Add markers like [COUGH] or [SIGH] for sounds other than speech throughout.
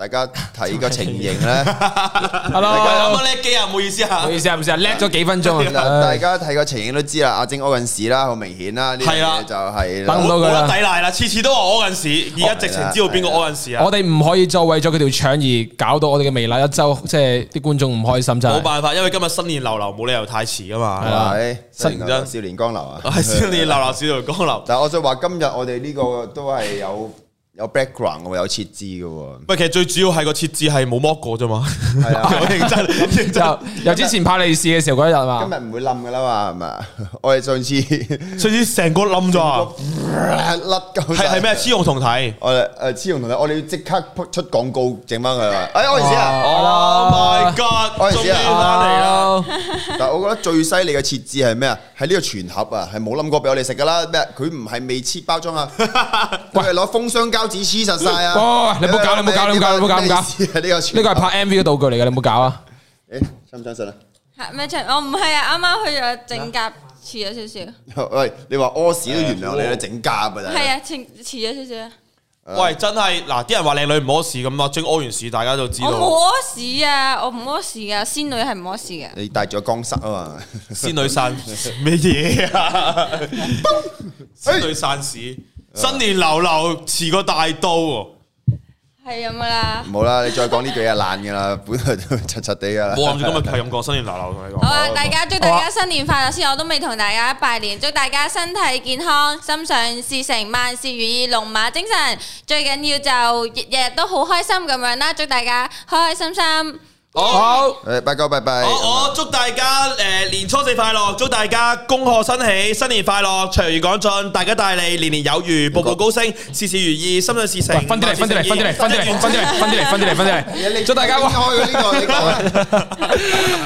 大家睇個情形咧，hello，咁我叻機啊，唔好意思啊，唔好意思啊，唔好啊，叻咗幾分鐘，大家睇個情形都知啦，阿晶屙緊屎啦，好明顯啦，呢啲就係，等到佢啦，冇得抵賴啦，次次都話屙緊屎，而家直情知道邊個屙緊屎啊，我哋唔可以就為咗佢條腸而搞到我哋嘅微辣一周，即係啲觀眾唔開心啫，冇辦法，因為今日新年流流，冇理由太遲啊嘛，係咪？新年真，少年江流啊，係年流流，少年江流。但係我就話今日我哋呢個都係有。有 background 嘅有設置嘅喎。唔係，其實最主要係個設置係冇剝過啫嘛。係啊，我認真，好認真。由之前拍利是嘅時候嗰日啊嘛，今日唔會冧嘅啦嘛，係嘛？我哋上次上次成個冧咗，甩鳩。係係咩？雌雄同體。我哋誒雌雄同體，我哋要即刻撲出廣告整翻佢啦。哎呀，我哋先啊！Oh my god！我哋先啊！但係我覺得最犀利嘅設置係咩啊？喺呢個全盒啊，係冇冧過俾我哋食㗎啦。咩？佢唔係未切包裝啊，佢係攞封箱膠。指黐實晒啊！喂喂喂，你唔好搞，你唔好搞，你唔好搞，你唔好搞，唔好搞！呢個呢個係拍 MV 嘅道具嚟嘅，你唔好搞啊！誒，真唔真實啊？Match，我唔係啊，啱啱去咗整甲，遲咗少少。喂，你話屙屎都原諒你啦，整甲咪就係啊，遲遲咗少少。喂，真係嗱，啲人話靚女唔屙屎咁囉，真係屙完屎大家都知。我冇屙屎啊，我唔屙屎噶，仙女係唔屙屎嘅。你帶住個光衫啊嘛，仙女散咩嘢啊？仙女散屎。新年流流似個大刀，係咁噶啦。好啦，你再講呢句嘢爛噶啦，本來都柒柒地噶。冇諗住今日係咁過新年流流，同你講。好啊，大家祝大家新年快樂先，我都未同大家拜年。祝大家身體健康，心想事成，萬事如意，龍馬精神。最緊要就日日都好開心咁樣啦，祝大家開開心心。好，誒，拜個拜拜。我祝大家誒年初四快樂，祝大家恭賀新喜，新年快樂，財源廣進，大吉大利，年年有餘，步步高升，事事如意，心想事成。分啲嚟，分啲嚟，分啲嚟，分啲嚟，分啲嚟，分啲嚟，分啲嚟。祝大家開呢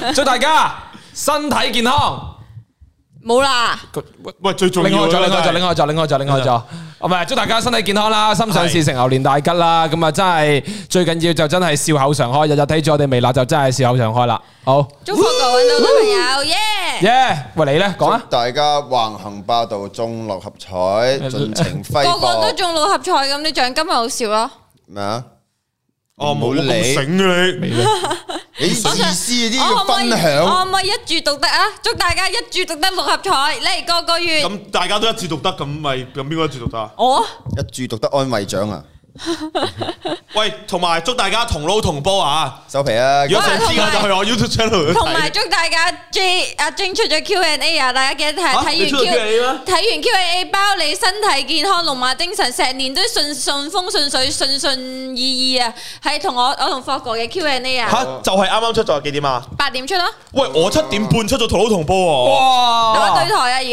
個，祝大家身體健康。冇啦，喂，最重要。另外，再，另外，再，另外，再，另外，再，另唔係，祝大家身體健康啦，心想事成，牛年大吉啦！咁啊，真係最緊要就真係笑口常開，日日睇住我哋微辣就真係笑口常開啦！好，祝福各位老朋友，yeah，yeah，喂，你咧講啊！大家橫行霸道，中六合彩，盡情揮霍，個個都中六合彩，咁啲獎金咪好少咯？咩啊？我哦，冇理醒、啊、你，你意思啲要分享我，我唔可，唔可，我可，唔可以一注獨得啊？祝大家一注獨得六合彩，嚟個個月。咁大家都一注獨得，咁咪咁邊個一注獨得啊？我一注獨得安慰獎啊！喂，同埋祝大家同撈同煲啊！收皮啊！如果想知我就去我 YouTube channel 同埋祝大家阿阿晶出咗 Q&A 啊！大家記得睇睇完 Q 睇完 Q&A 包你身體健康、龍馬精神、成年都順順風順水、順順意意啊！係同我我同霍哥嘅 Q&A 啊！吓就係啱啱出咗，幾點啊？八點出咯。喂，我七點半出咗同撈同煲。哇，對台啊！而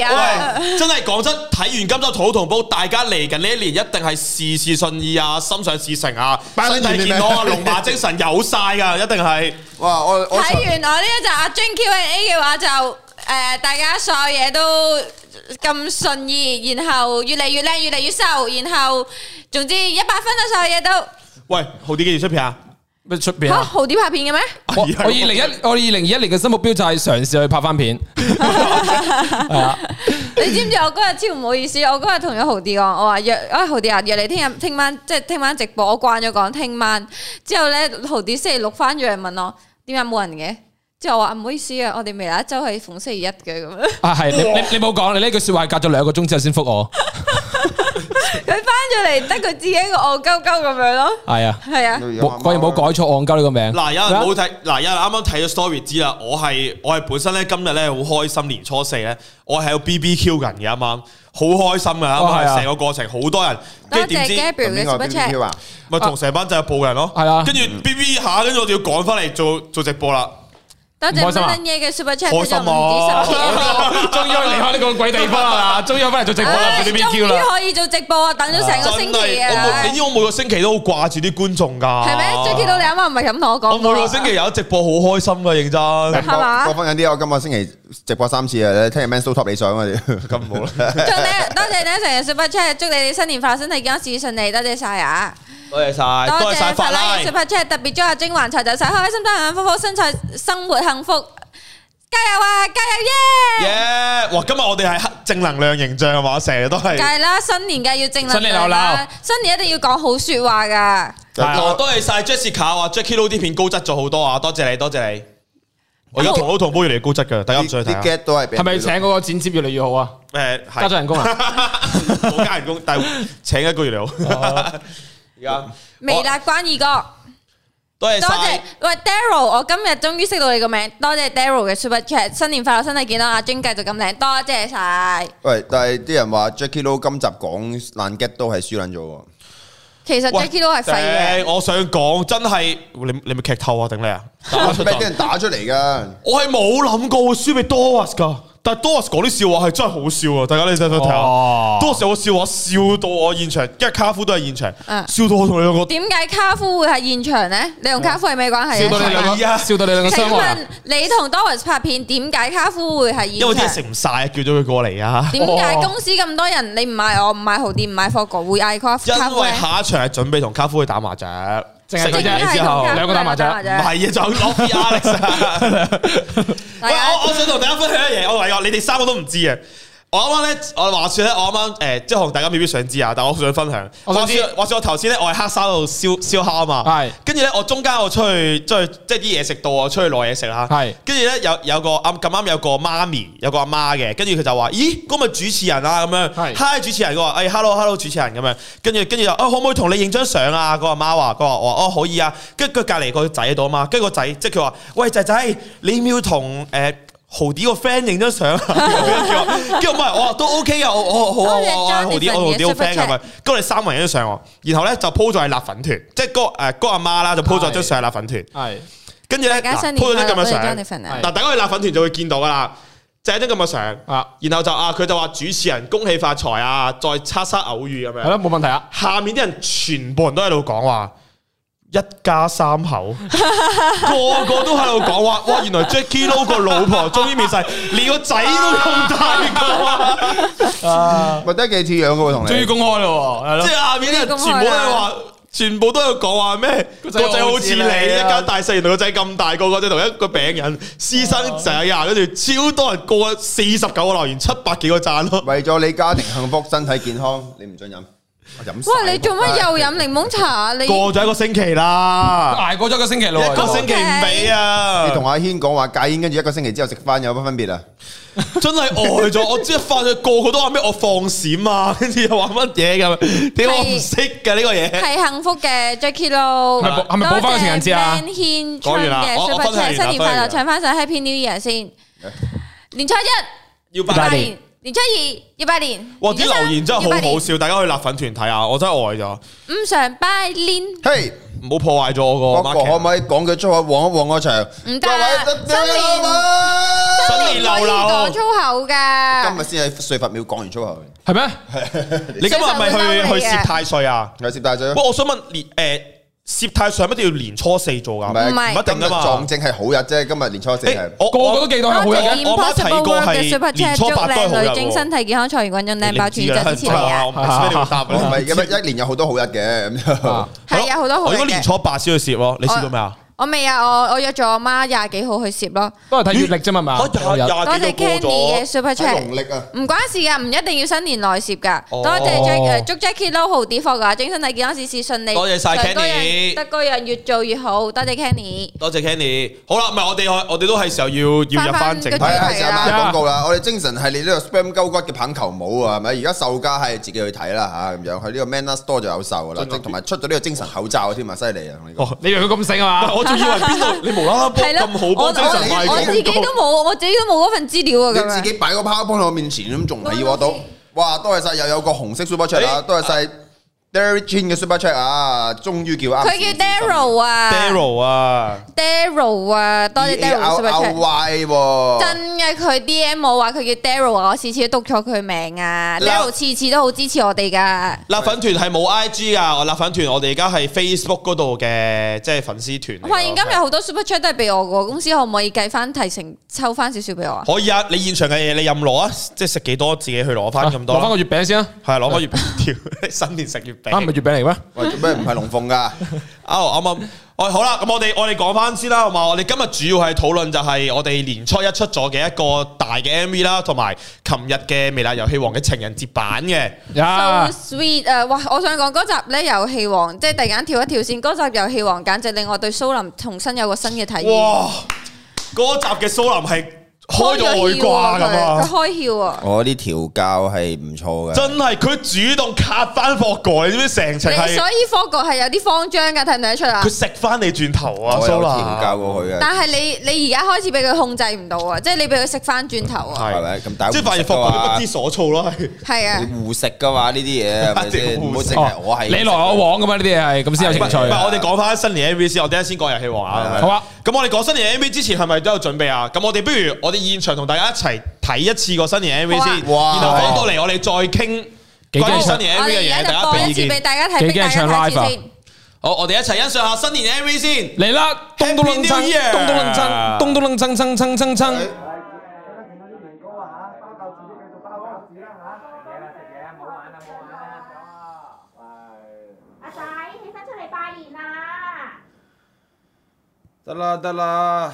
家真係講真，睇完今周同撈同煲，大家嚟緊呢一年一定係事事順意啊！啊，心想事成啊，身體健康啊，龍馬精神有曬噶，一定係。哇！我睇完我呢一集阿 Jun Q&A 嘅話就誒，大家所有嘢都咁順意，然後越嚟越靚，越嚟越瘦，然後總之一百分嘅所有嘢都。喂，好啲記住出片啊！咩出片？豪 Dee 拍片嘅咩 [LAUGHS] ？我我二零一我二零二一年嘅新目標就係嘗試去拍翻片。你知唔知我嗰日超唔好意思，我嗰日同咗豪 Dee 講，我話約哎豪 Dee 啊，約你聽日聽晚，即係聽晚直播，我慣咗講聽晚。之後咧豪 Dee 星期六翻咗嚟問我，點解冇人嘅？之後話唔好意思啊，我哋未來一周係逢星期一嘅咁樣啊。啊係，你你你冇講，你呢句說話隔咗兩個鐘之後先復我。佢翻咗嚟，得佢自己一個戇鳩鳩咁樣咯。係啊係啊，果然冇改錯戇鳩呢個名。嗱、啊，有人冇睇，嗱、啊，有人啱啱睇咗 story 知啦。我係我係本身咧，今日咧好開心，年初四咧，我係有 BBQ 人嘅啱啱好開心啊。一晚、哦，係成個過程好多人。多謝知 Gabriel 嘅的啊！咪同成班仔報人咯，係啦，跟住 BB 下，跟住我就要趕翻嚟做做直播啦。多謝新嘢嘅 Super Chat，我唔支持。終於離開呢個鬼地方啦，終於翻嚟做直播喺呢邊 Q 啦。可以做直播啊？等咗成個星期啊！你知我每個星期都好掛住啲觀眾噶。係咩？最 Q 到你啱啱唔係咁同我講。我每個星期有直播好開心噶，認真係嘛？講翻啲啊！我今個星期直播三次啊，聽日 man show top 理想啊，咁好啦。多謝你成日 Super Chat，祝你新年快樂，身體康健，事事順利。多謝晒啊！多謝晒，多謝晒佛拉嘢，特別祝阿晶橫財就手晒，開心，幸幸福福，身材生活幸福，加油啊！加油耶！耶、yeah！Yeah! 哇！今日我哋係正能量形象，話成日都係。梗係啦，新年嘅要正能量。新年流流新年一定要講好說話噶。啊，謝謝 Jessica，啊、多謝晒 Jessica 話 Jacky Lou 啲片高質咗好多啊！多謝你，多謝你。Oh，我而家同好同煲越嚟越高質噶，大家唔想睇。啲 get 都係咪請嗰個剪接越嚟越好啊？誒、嗯，加咗人工啊？冇 [LAUGHS] 加人工，但係請一個月嚟好！ [LAUGHS] 未啦，關二哥，多謝多謝，喂 Daryl，我今日終於識到你個名，多謝 Daryl 嘅 Super Chat，新年快樂，身體健康，阿晶繼續咁靚，多謝晒。喂，但係啲人話 Jacky Lou 今集講爛 gag 都係輸爛咗。其實 Jacky Lou 係廢嘅，我想講真係，你你咪劇透啊？頂你啊！打俾啲人打出嚟噶，我係冇諗過會輸俾 Dawes 噶。但係 Doris 啲笑話係真係好笑啊！大家你想想睇下 Doris 個笑話笑到我現場，因為卡夫都係現場，啊、笑到我同你兩個。點解卡夫會係現場咧？你同卡夫係咩關係？笑到你兩個，嗎笑到你兩個、啊。請問你同 Doris 拍片，點解卡夫會係現場咧？因為真係食唔晒，叫咗佢過嚟啊！點解公司咁多人，你唔買我唔買豪 Dee 唔買霍哥會嗌卡夫？因為下一場係準備同卡夫去打麻雀。食咗隻嘢之後兩個打麻將，唔係啊，仲落 Alex。 [LAUGHS] 我我想同大家分享一樣，我話，你哋三個都唔知啊。我啱啱咧，我話說咧，我啱啱誒，即係同大家未必想知啊，但係我好想分享。音 rí e、說我想知。我想我頭先咧，我喺黑沙度燒燒烤啊嘛。係。跟住咧，我中間我出去，出去即係啲嘢食到，我出去攞嘢食啦。係。跟住咧，有有個啱咁啱有個媽咪，有個阿媽嘅，跟住佢就話：，咦是的、e，咁咪主持人啊？咁、就、樣、是。係。嗨，主持人，佢話：，哎，hello，hello，主持人，咁樣。跟住，跟住就，啊，可唔可以同你影張相啊？個阿媽話，佢話，我話，哦，可以啊。跟住佢隔籬個仔喺度啊嘛，跟住、這個仔，即係佢話：，喂，仔仔，你要同誒。Um, 豪 Dee 個 friend 影張相啊，叫叫唔係，我話都 OK 啊，我我好啊，我我豪 Dee 好同啲 friend 係咪？跟住我哋三個人影張相，然後咧就 po 咗喺辣粉團，即係哥誒哥阿媽啦，就 po 咗張相喺辣粉團，係，跟住咧 po 咗張咁嘅相，嗱，大家去辣粉團就會見到㗎啦，即係張咁嘅相啊，然後就啊，佢就話主持人恭喜發財啊，再擦擦偶遇咁樣，係啦，冇問題啊。下面啲人全部人都喺度講話。一家三口，個個都喺度講話，哇！原來 Jacky Lou 個老婆終於面世，連個仔都咁大個，咪真係幾似樣噶喎，同、啊、你。終於公開咯，即係下面啲人全部都係話，全部都有講話咩？個仔好似你，一家大細，原來個仔咁大個，個仔同一個病人私生仔呀，跟住超多人過四十九個留言，七百幾個讚咯。為咗你家庭幸福， [LAUGHS] 身體健康，你唔准飲。喂，你做乜又飲檸檬茶？你過咗一個星期啦，挨過咗一個星期咯，一個星期唔俾啊！你同阿軒講話戒煙，跟住一個星期之後食翻，有乜分別啊？真係呆咗，我即係發咗，個個都話咩？我放閃啊！跟住又話乜嘢咁？點解我唔識噶呢個嘢？係幸福嘅 Jacky 咯，係咪補翻個情人節啊軒，新年快樂，唱翻首 Happy New Year 先，年初一，要拜拜年。年初二，要拜年，哇啲留言真係好好笑，大家去辣粉團睇下，我真係呆咗。唔常拜年，嘿，唔好破壞咗我個，可唔可以講句粗口，旺一旺我場？唔得，新年啊，新年流流講粗口噶，今日先喺睡佛廟講完粗口，係咩？你今日係咪去去攝太歲啊？係攝太歲。不過我想問，連誒。涉太上一定要年初四做噶，唔是一定嘅撞正係好日啫，今日年初四係、欸。我個個都記得係好日我。我媽提過係年初八對好日。身體健康，財源滾滾，兩爆串就支持是是你啊！哈哈、啊，唔係、啊啊、一年有好多好日嘅。係有好多好日。果年初八先去涉咯，你涉過未？啊？我未啊，我我約咗阿媽廿幾號去攝咯。都係睇月曆啫嘛，多謝 Kenny 嘅 Super Chat，唔關事噶，唔一定要新年來攝噶。多謝 Jacky，祝 Jacky 撈好啲貨噶，祝身體健康事事順利。多謝曬 Kenny，得個樣越做越好，多謝 Kenny。多謝 Kenny。好啦，咪我哋我哋都係時候要要入翻正牌，係時候入廣告啦。我哋精神係你呢個 spam 鳩骨嘅棒球帽啊，係咪？而家售價係自己去睇啦嚇，咁樣喺呢個 Manner Store 就有售啦。同埋出咗呢個精神口罩添啊，犀利啊！你以為佢咁醒啊嘛？邊度？ [LAUGHS] 你無啦啦鋪咁好波精神，賣我，我，我自己都冇，我自己都冇嗰份資料啊！你自己擺個 powerpoint 喺我面前咁，仲係要我讀？ [LAUGHS] 哇！多謝晒，又有個紅色 Super Chat 出嚟多謝晒。啊 Darry Chin 嘅 Super Chat 啊，終於叫啊！佢叫 Darry 啊，Darry 啊，Darry 啊，啊啊多謝 Darry Super Chat、啊。真嘅，佢 D M 我話佢叫 Darry 啊，我次次都讀錯佢名啊。了 Darry 次次都好支持我哋噶。辣了粉團係冇 I G 啊！團我辣粉團我哋而家係 Facebook 嗰度嘅，即係粉絲團。我發現今日好多 Super Chat 都係俾我個公司，可唔可以計翻提成，抽翻少少俾我啊？可以啊，你現場嘅嘢你任攞啊，即係食幾多自己去攞翻咁多。攞翻、啊、個月餅先啊，係， [LAUGHS] 攞翻月餅條，新年食月餅。 [LAUGHS] 啱咪月餅嚟咩？喂，做咩唔係龍鳳噶？阿阿媽，我好啦，咁我哋我哋講翻先啦，好嘛？我哋今日主要係討論就係我哋年初一出咗嘅一個大嘅 MV 啦，同埋琴日嘅《微辣遊戲王》嘅情人節版嘅。So sweet，誒，哇！我想講嗰集咧《遊戲王》，即係突然間跳一跳線，嗰集《遊戲王》簡直令我對蘇林重新有個新嘅體驗。哇！嗰集嘅蘇林係。開咗外掛咁啊！佢開竅啊！我啲調教係唔錯嘅，真係佢主動卡翻霍哥，你知唔知成程係？所以霍哥係有啲慌張噶，睇唔睇得出啊？佢食翻你轉頭啊！我有調教過佢啊！但係你你而家開始俾佢控制唔到啊！即係你俾佢食翻轉頭啊！係咪咁？但係即係反而霍哥不知所措咯，係係啊！互食噶嘛呢啲嘢，食。我係你來我往噶嘛呢啲嘢，係咁先有情趣。唔係我哋講翻新年 M V 先，我等下先講遊戲王啊！好啊！咁我哋講新年 M V 之前係咪都有準備啊？咁我哋不如我哋。現場同大家一齊睇一次個新年 M V 先，然後講到嚟，我哋再傾關於新年 M V 嘅嘢，大家俾意見。幾驚唱 live 啊！好，我哋一齊欣賞下新年 M V 先。嚟啦，咚咚楞蹭，咚咚楞蹭，咚咚楞蹭蹭蹭蹭蹭。阿仔，起身出嚟拜年啦！得啦得啦。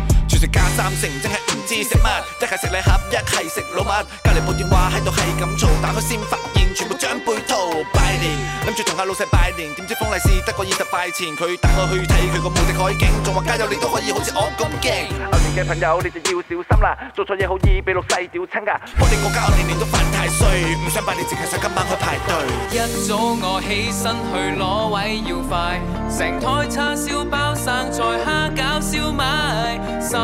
再加三成，真係唔知食乜，一係食禮盒，一係食老物。隔離部電話喺度係咁嘈，打開先發現全部獎杯套拜年，諗住同下老細拜年，點知封利是得個二十塊錢。佢帶我去睇佢個無敵海景，仲話街友你都可以好似我咁勁。牛年嘅朋友，你哋要小心啦，做錯嘢好易俾老細屌親㗎。我哋過家年年都犯太歲，唔想拜年，淨係想今晚去排隊。一早我起身去攞位要快，成台叉燒包、生菜蝦餃、燒賣。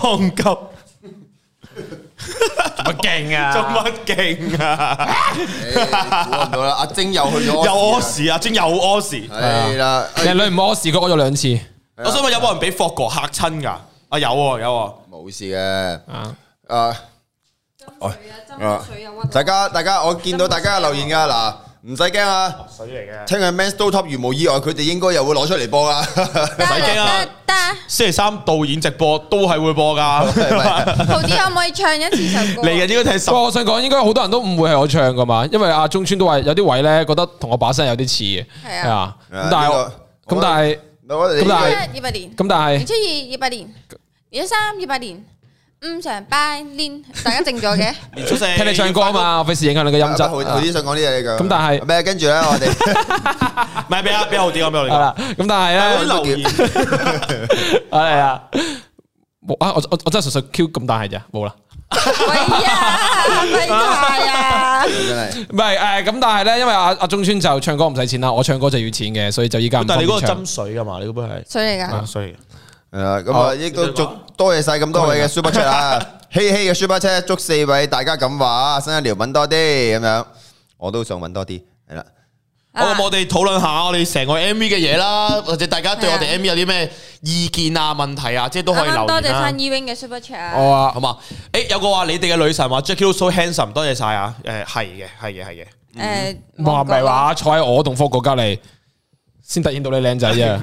憨鳩，勁啊？做乜勁啊？做啦、啊！阿晶又去咗，又屙屎。阿晶又屙屎，係啦。靚女唔屙屎，佢屙咗兩次。啊、我想問有冇人俾霍哥吓親噶？啊有、啊，有。冇事嘅。啊啊，大家大家，我見到大家留言噶、啊、嗱。唔使驚啊！水嚟嘅，聽日 Man Star Top 如無意外，佢哋應該又會攞出嚟播啊！唔使驚啦，星期三導演直播都係會播噶。唔知可唔可以唱一次唱歌？嚟嘅應該聽十。我想講，應該好多人都誤會係我唱噶嘛，因為阿中村都話有啲位咧，覺得同我把聲有啲似嘅。係啊，咁但係，咁但係，咁但係，二七二二百年，二七三二百年。唔常，拜年大家靜咗嘅，聽你唱歌啊嘛，費事影響你嘅音質。頭先想講呢嘢，你講。咁但係，咩？跟住咧，我哋唔係俾阿俾阿豪 Dee 講俾我哋啦。咁但係咧，留意係啊。我啊，我我我真係實實 Q 咁大係咋，冇啦。係啊，係啊，真係。唔係誒，咁但係咧，因為阿阿鍾村就唱歌唔使錢啦，我唱歌就要錢嘅，所以就依家。但係你嗰個斟水噶嘛？你嗰杯係水嚟噶？水。誒，咁、嗯、啊，亦都祝多謝晒咁多位嘅 Super Chat 啊，希希嘅 Super Chat 祝四位大家咁話，新日聊品多啲，咁樣，我都想問多啲，係啦，啊、好，我哋討論下我哋成個 MV 嘅嘢啦， [LAUGHS] 或者大家對我哋 MV 有啲咩意見啊、問題啊，即係都可以留言啦、啊。剛剛多謝翻 Ewing 嘅 Super Chat 啊，好嘛？誒、欸，有個話你哋嘅女神話 Jackie so handsome，多謝晒啊！誒、欸，係嘅，係嘅，係嘅。誒、嗯，唔係話坐喺我同霍哥隔籬先 [LAUGHS] 突然到你靚仔 [LAUGHS] 啊！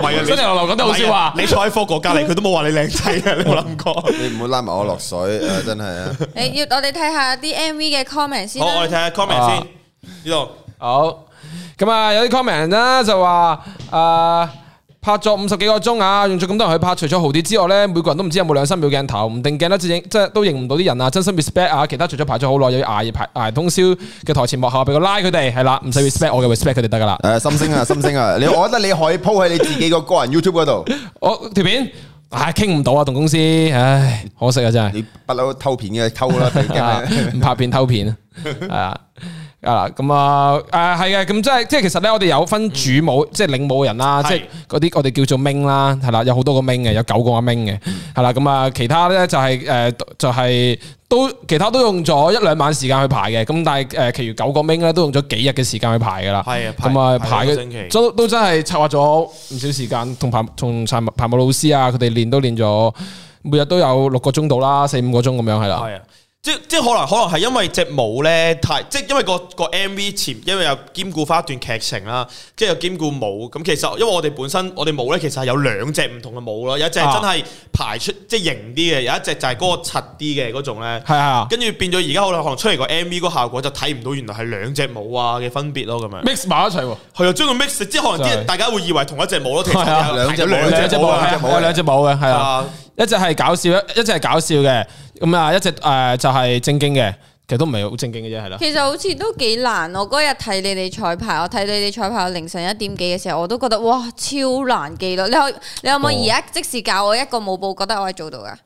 唔係啊，真係我講得好笑話啊！你坐喺霍哥隔籬，佢都冇話你靚仔啊！你冇諗過， [LAUGHS] 你唔好拉埋我落水啊！真係啊！ [LAUGHS] 你要我哋睇下啲 MV 嘅 comment 先啦。好，我哋睇下 comment 先。呢度好咁啊，裡有啲 comment 啦、啊，就話啊。呃拍咗五十幾個鐘啊，用咗咁多人去拍，除咗豪 Dee 之外咧，每個人都唔知有冇兩三秒鏡頭，唔定鏡都影，即係都認唔到啲人啊！真心 respect 啊，其他除咗排咗好耐，又要挨排，挨通宵嘅台前幕後，俾佢拉佢哋，係啦，唔使 respect，我嘅 respect 佢哋得噶啦。誒，心聲啊，心聲啊，啊 [LAUGHS] 你我覺得你可以 po 喺你自己個個人 [LAUGHS] YouTube 嗰度。我條片唉，傾、哎、唔到啊，同公司，唉，可惜啊，真係。你不嬲偷片嘅偷啦，唔 [LAUGHS] 拍片偷片啊。 [LAUGHS] [LAUGHS] 啊，咁啊，誒，係嘅，咁即係，即係其實咧，我哋有分主舞，即係領舞人啦，即係嗰啲我哋叫做 ming 啦，係啦，有好多個 ming 嘅，有九個阿 ming 嘅，係啦，咁啊，其他咧就係誒，就係都其他都用咗一兩晚時間去排嘅，咁但係誒，其餘九個 ming 咧都用咗幾日嘅時間去排噶啦，係啊，咁啊排嘅，都都真係策劃咗唔少時間，同排同排舞老師啊，佢哋練都練咗，每日都有六個鐘度啦，四五個鐘咁樣係啦。即即可能可能係因為隻舞咧，太即因為個個 M V 前，因為又兼顧翻一段劇情啦，即又兼顧舞咁其實，因為我哋本身我哋舞咧其實係有兩隻唔同嘅舞咯，有一隻真係排出即型啲嘅，有一隻就係嗰個柒啲嘅嗰種咧。係啊，跟住變咗而家可能可能出嚟個 M V 嗰效果就睇唔到原來係兩隻舞啊嘅分別咯咁樣 mix 埋一齊喎，係啊，將佢 mix 即可能啲大家會以為同一隻舞咯，係啊，兩隻兩隻舞嘅，係啊，一隻係搞笑一一隻係搞笑嘅。咁啊，一直誒就係正經嘅，其實都唔係好正經嘅啫，係咯。其實好似都幾難，我嗰日睇你哋彩排，我睇你哋彩排凌晨一點幾嘅時候，我都覺得，哇，超難記咯。你可，你有冇而家即時教我一個舞步，覺得我係做到噶？誒、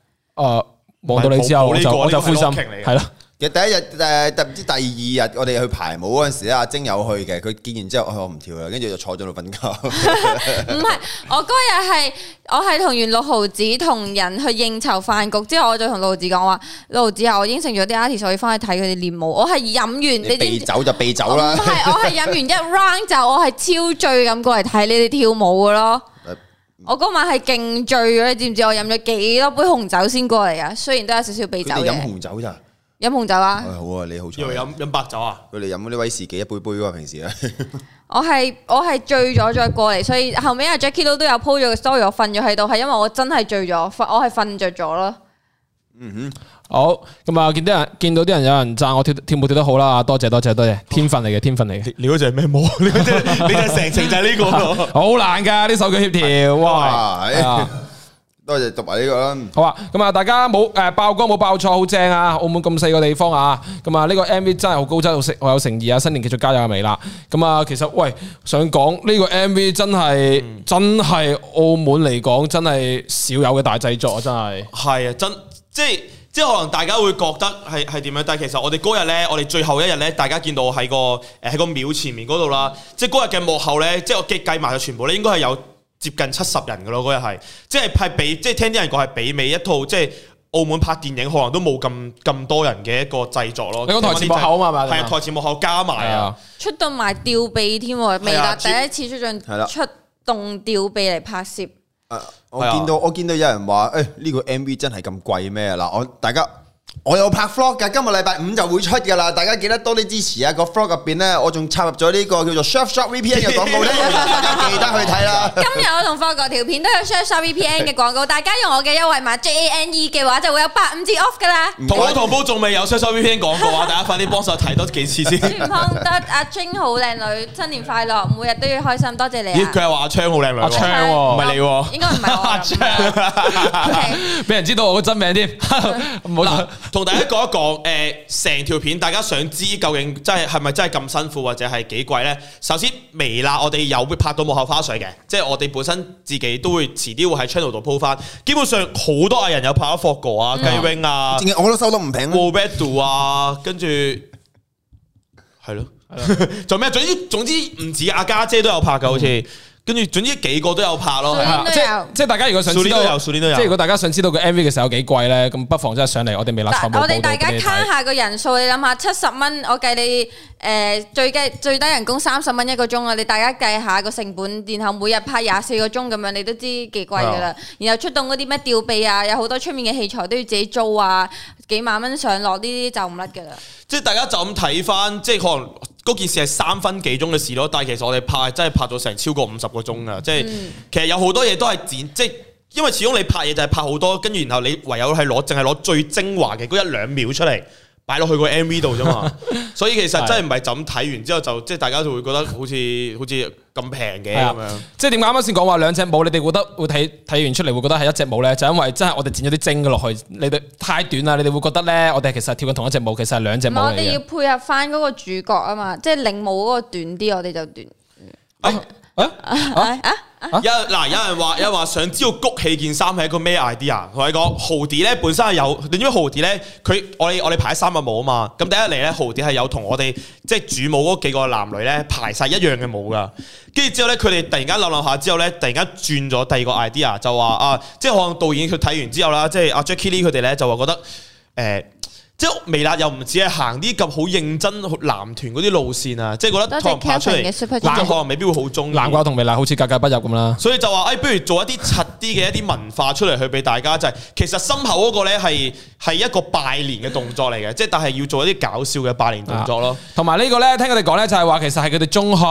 嗯，望到你之後就是我就灰心，係咯、這個。就 [LAUGHS] 第一日誒，突然之第二日，我哋去排舞嗰陣時，阿晶有去嘅。佢見完之後，哦、我唔跳啦，跟住就坐咗度瞓覺。唔係， [LAUGHS] 我嗰日係我係同完六毫子同人去應酬飯局之後我，我就同六盧子講話：盧子啊，我應承咗啲 artist 可以翻去睇佢哋練舞。我係飲完你備酒就備酒啦。唔係，我係飲完一 round 就我係超醉咁過嚟睇你哋跳舞嘅咯。 [LAUGHS] 我嗰晚係勁醉嘅，你知唔知？我飲咗幾多杯紅酒先過嚟噶？雖然都有少少備酒飲紅酒咋。飲紅酒啊、哎！好啊，你好彩、啊。因為飲飲白酒啊，佢哋飲呢位威士忌一杯一杯噶、啊、平時啊 [LAUGHS] ，我係我係醉咗再過嚟，所以後尾阿 Jacky 都都有 po 咗個 story，我瞓咗喺度，係因為我真係醉咗，我係瞓着咗咯。嗯哼，好。咁啊，見啲人見到啲人有人讚我跳跳舞跳得好啦，多謝多謝多謝，多謝多謝啊、天分嚟嘅天分嚟嘅。你嗰隻係咩舞？ [LAUGHS] [LAUGHS] 你嗰隻你隻成程就呢、呢個？ [LAUGHS] 好難噶呢，手腳嘅協調， [LAUGHS] 哇！ [LAUGHS] 哇 [LAUGHS] 多謝讀埋呢個啦，好啊！咁啊，大家冇誒爆光冇爆錯，好正啊！澳門咁細個地方啊，咁啊，呢、這個 MV 真係好高質，好成有誠意啊！新年製作家又嚟啦，咁啊，其實喂，想講呢、這個 MV 真係、嗯、真係澳門嚟講真係少有嘅大製作啊！真係係啊，真即即，即可能大家會覺得係係點樣，但係其實我哋嗰日咧，我哋最後一日咧，大家見到喺個誒喺個廟前面嗰度啦，即嗰日嘅幕後咧，即我計計埋咗全部咧，應該係有。接近七十人嘅咯，嗰日係，即係拍比，即係聽啲人講係媲美一套，即係澳門拍電影，可能都冇咁咁多人嘅一個製作咯。你個台前幕、就是、後啊嘛，係啊嗎台前幕後加埋啊，出到埋吊臂添，未達第一次出盡、啊、出動吊臂嚟拍攝。誒、啊，我見到、啊、我見到有人話，誒、欸、呢、這個 M V 真係咁貴咩？嗱，我大家。我有拍 vlog 噶，今日禮拜五就會出噶啦，大家記得多啲支持啊！個 vlog 入邊咧，我仲插入咗呢個叫做 Surfshark VPN 嘅廣告咧，大家記得去睇啦。今日我同科個條片都有 Surfshark VPN 嘅廣告，大家用我嘅優惠碼 JANE 嘅話，就會有八五折 off 噶啦。同我淘寶仲未有 Surfshark VPN 廣告啊！大家快啲幫手睇多幾次先。朱方得阿 Jing 好靚女，新年快樂，每日都要開心，多謝你。咦，佢係話阿昌好靚女，阿昌唔係你，應該唔係我。阿昌俾人知道我個真名添，唔好。同大家講一講，誒、呃，成條片大家想知究竟，真係係咪真係咁辛苦或者係幾貴呢？首先，微辣我哋有會拍到幕後花絮嘅，即係我哋本身自己都會遲啲會喺 channel 度鋪翻。基本上好多藝人有拍咗霍哥啊，雞 wing、嗯、啊，我都收得唔平，Wu Badu 啊，跟住係咯， [LAUGHS] 做咩？總之總之唔止阿家姐都有拍噶，好似、嗯。跟住，總之幾個都有拍咯，即係即係大家如果想知道，有即係如果大家想知道個 M V 嘅時候有幾貴咧，咁不妨真係上嚟我哋微辣但 我哋大家 count 下個人數，你諗下七十蚊，我計你誒最低最低人工三十蚊一個鐘啊！你大家計下個成本，然後每日拍廿四個鐘咁樣，你都知幾貴噶啦。的然後出動嗰啲咩吊臂啊，有好多出面嘅器材都要自己租啊，幾萬蚊上落呢啲就唔甩噶啦。即係大家就咁睇翻，即係可能嗰件事係三分幾鐘嘅事咯。但係其實我哋拍真係拍咗成超過五十個鐘㗎，即係、嗯、其實有好多嘢都係剪，即係因為始終你拍嘢就係拍好多，跟住然後你唯有係攞，淨係攞最精華嘅嗰一兩秒出嚟。擺落去個 MV 度啫嘛，所以其實真係唔係就咁睇完之後就即係大家就會覺得好似 [LAUGHS] 好似咁平嘅咁樣。即係點解啱啱先講話，兩隻舞你哋覺得會睇睇完出嚟會覺得係一隻舞咧？就因為真係我哋剪咗啲精嘅落去，你哋太短啦，你哋會覺得咧，我哋其實跳緊同一隻舞，其實係兩隻舞嚟嘅。我哋要配合翻嗰個主角啊嘛，即係領舞嗰個短啲，我哋就短。啊 [LAUGHS] 啊啊，啊，啊有嗱，有人話有人話想知道谷氣件衫係一個咩 idea？同你講，豪 Dee 咧本身係有，你知豪 Dee 咧？佢我哋我哋排三個舞啊嘛，咁第一嚟，咧，豪 Dee 係有同我哋即係主舞嗰幾個男女咧排晒一樣嘅舞噶，跟住之後咧，佢哋突然間諗諗下之後咧，突然間轉咗第二個 idea，就話啊，即係可能導演佢睇完之後啦，即係阿 Jacky Lee 佢哋咧就話覺得誒。呃即微辣又唔止係行啲咁好認真男團嗰啲路線啊！即係覺得出嚟可能多謝 未必會好中意。南瓜同微辣好似格格不入咁啦。所以就話誒、哎，不如做一啲柒啲嘅一啲文化出嚟去俾大家，就係、是、其實心口嗰個咧係係一個拜年嘅動作嚟嘅，即係但係要做一啲搞笑嘅拜年動作咯。同埋、啊、呢個咧，聽佢哋講咧就係話其實係佢哋中學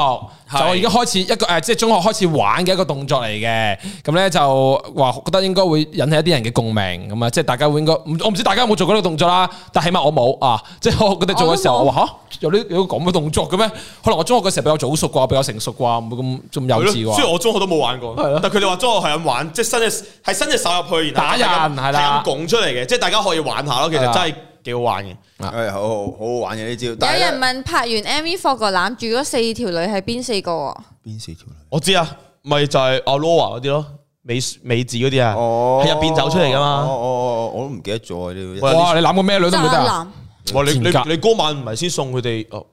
就我已經開始一個誒、呃，即係中學開始玩嘅一個動作嚟嘅。咁咧就話覺得應該會引起一啲人嘅共鳴咁啊！即係大家會應該我唔知大家有冇做過呢個動作啦。起碼我冇啊，即係我哋做嘅時候，我話吓有啲、啊、有咁嘅動作嘅咩？可能我中學嘅時候比較早熟啩，比較成熟啩，唔會咁咁幼稚啩。雖然我中學都冇玩過，係咯，但佢哋話中學係咁玩，即係伸只係伸隻手入去，然後打人係啦，咁拱出嚟嘅，即係大家可以玩下咯。其實真係幾好玩嘅係咯，好好好玩嘅呢招。有人問拍完 MV four 個攬住嗰四條女係邊四個啊？邊四條女？我知啊，咪就係阿 Lora 嗰啲咯。美美字嗰啲啊，喺入邊走出嚟噶嘛？哦哦，我都唔記得咗。呢、啊、哇，你攬過咩女都得？渣男下。你你你嗰晚唔係先送佢哋？哦，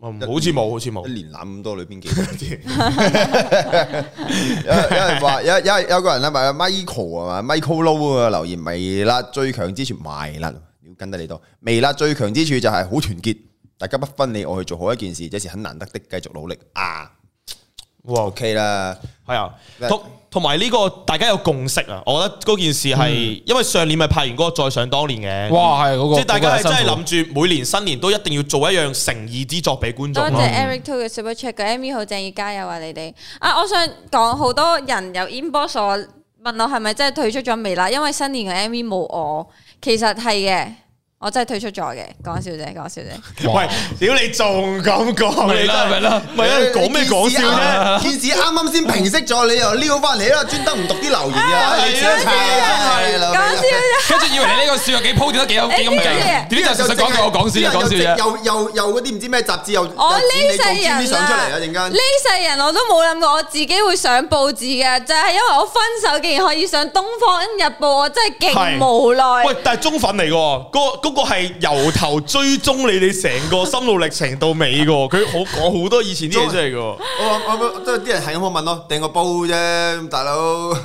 好似冇，好似冇。連攬咁多女邊幾多啲？有有人話有有有個人啊，咪 Michael 啊，Michael Low 啊留言微辣，未最強之前微辣，要跟得你多。微辣，最強之處就係好團結，大家不分你我去做好一件事，這是很難得的，繼續努力啊！哇，OK 啦，係啊的，同同埋呢個大家有共識啊，我覺得嗰件事係，嗯、因為上年咪拍完嗰、嗰個再想當年嘅，哇，係、嗰個，即係大家係真係諗住每年新年都一定要做一樣誠意之作俾觀眾咯，多謝 Eric Two 嘅 Super Check 嘅 MV 好正，要加油啊你哋啊！我想講好多人有 inbox 問我係咪真係退出咗未啦？因為新年嘅 MV 冇我，其實係嘅。我真係退出咗嘅，講笑啫，講笑啫，喂，屌你仲咁講，咪啦咪啦，咪講咩講笑啫？件事啱啱先平息咗，你又撩翻嚟啦，專登唔讀啲留言嘅，真係真係，講笑啫。跟住以為你呢個笑嘅幾鋪跳得幾好幾咁勁，點解就實講笑？講笑啫，講笑啫。又又又嗰啲唔知咩雜誌又我呢世人啊，呢世人我都冇諗過我自己會上報紙嘅，就係因為我分手竟然可以上《東方日報》，我真係極無奈。喂，但係忠粉嚟嘅，個係由頭追蹤你哋成個心路歷程到尾噶，佢好講好多以前啲嘢,出嚟噶。我我即係啲人係咁樣問咯，掟個煲啫，大佬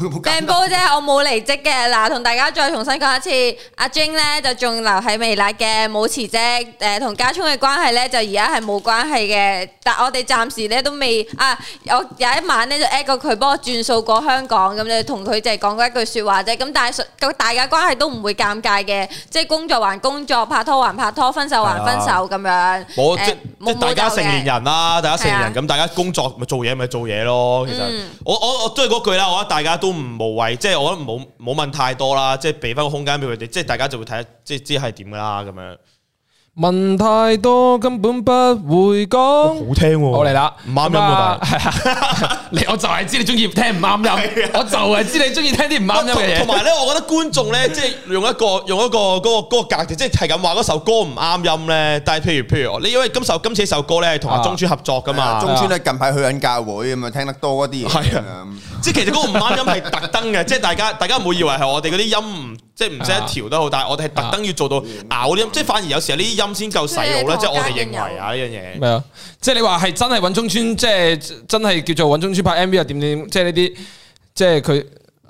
掟煲啫，我冇離職嘅。嗱，同大家再重新講一次，阿晶咧就仲留喺微辣嘅，冇辭職。誒，同家聰嘅關係咧就而家係冇關係嘅，但係我哋暫時咧都未啊。我有一晚咧就 at 過佢，幫我轉數過香港咁咧，你同佢就係講過一句說話啫。咁但係個大家關係都唔會尷尬嘅，即係工作還工。工作拍拖還拍拖，分手還分手咁、啊、樣，沒即係沒大家成年人啦，的大家成年人咁，的大家工作咪做嘢咪做嘢咯。其實、嗯、我我我都係嗰句啦，我，我覺得大家都唔無謂，即、就、係、是、我覺得冇冇問太多啦，即係俾翻個空間俾佢哋，即係大家就會睇，即係知係點噶啦咁樣。問太多根本不會講、哦，好聽我嚟啦，唔啱、哦、音㗋，你我就係知你中意聽唔啱音，我就係知你中意聽啲唔啱音嘅嘢、啊。同埋咧，我覺得觀眾咧，即係用一個用一個個、嗰個格調，即係係咁話嗰首歌唔啱音咧。但係譬如譬如你因為今首今次首歌咧，同阿中村合作噶嘛，啊、中村咧近排去緊教會咁啊，聽得多嗰啲係啊，啊 [LAUGHS] 即係其實嗰個唔啱音係特登嘅，即係大家大家唔好以為係我哋嗰啲音唔。即係唔識得調得好，但係我哋係特登要做到咬啲音、嗯、即係反而有時候呢啲音先夠洗腦咧。嗯、即係我哋認為啊呢樣嘢。咩、嗯、啊？即係你話係真係揾中村，即係真係叫做揾中村拍 MV 啊？點點？即係呢啲，即係佢。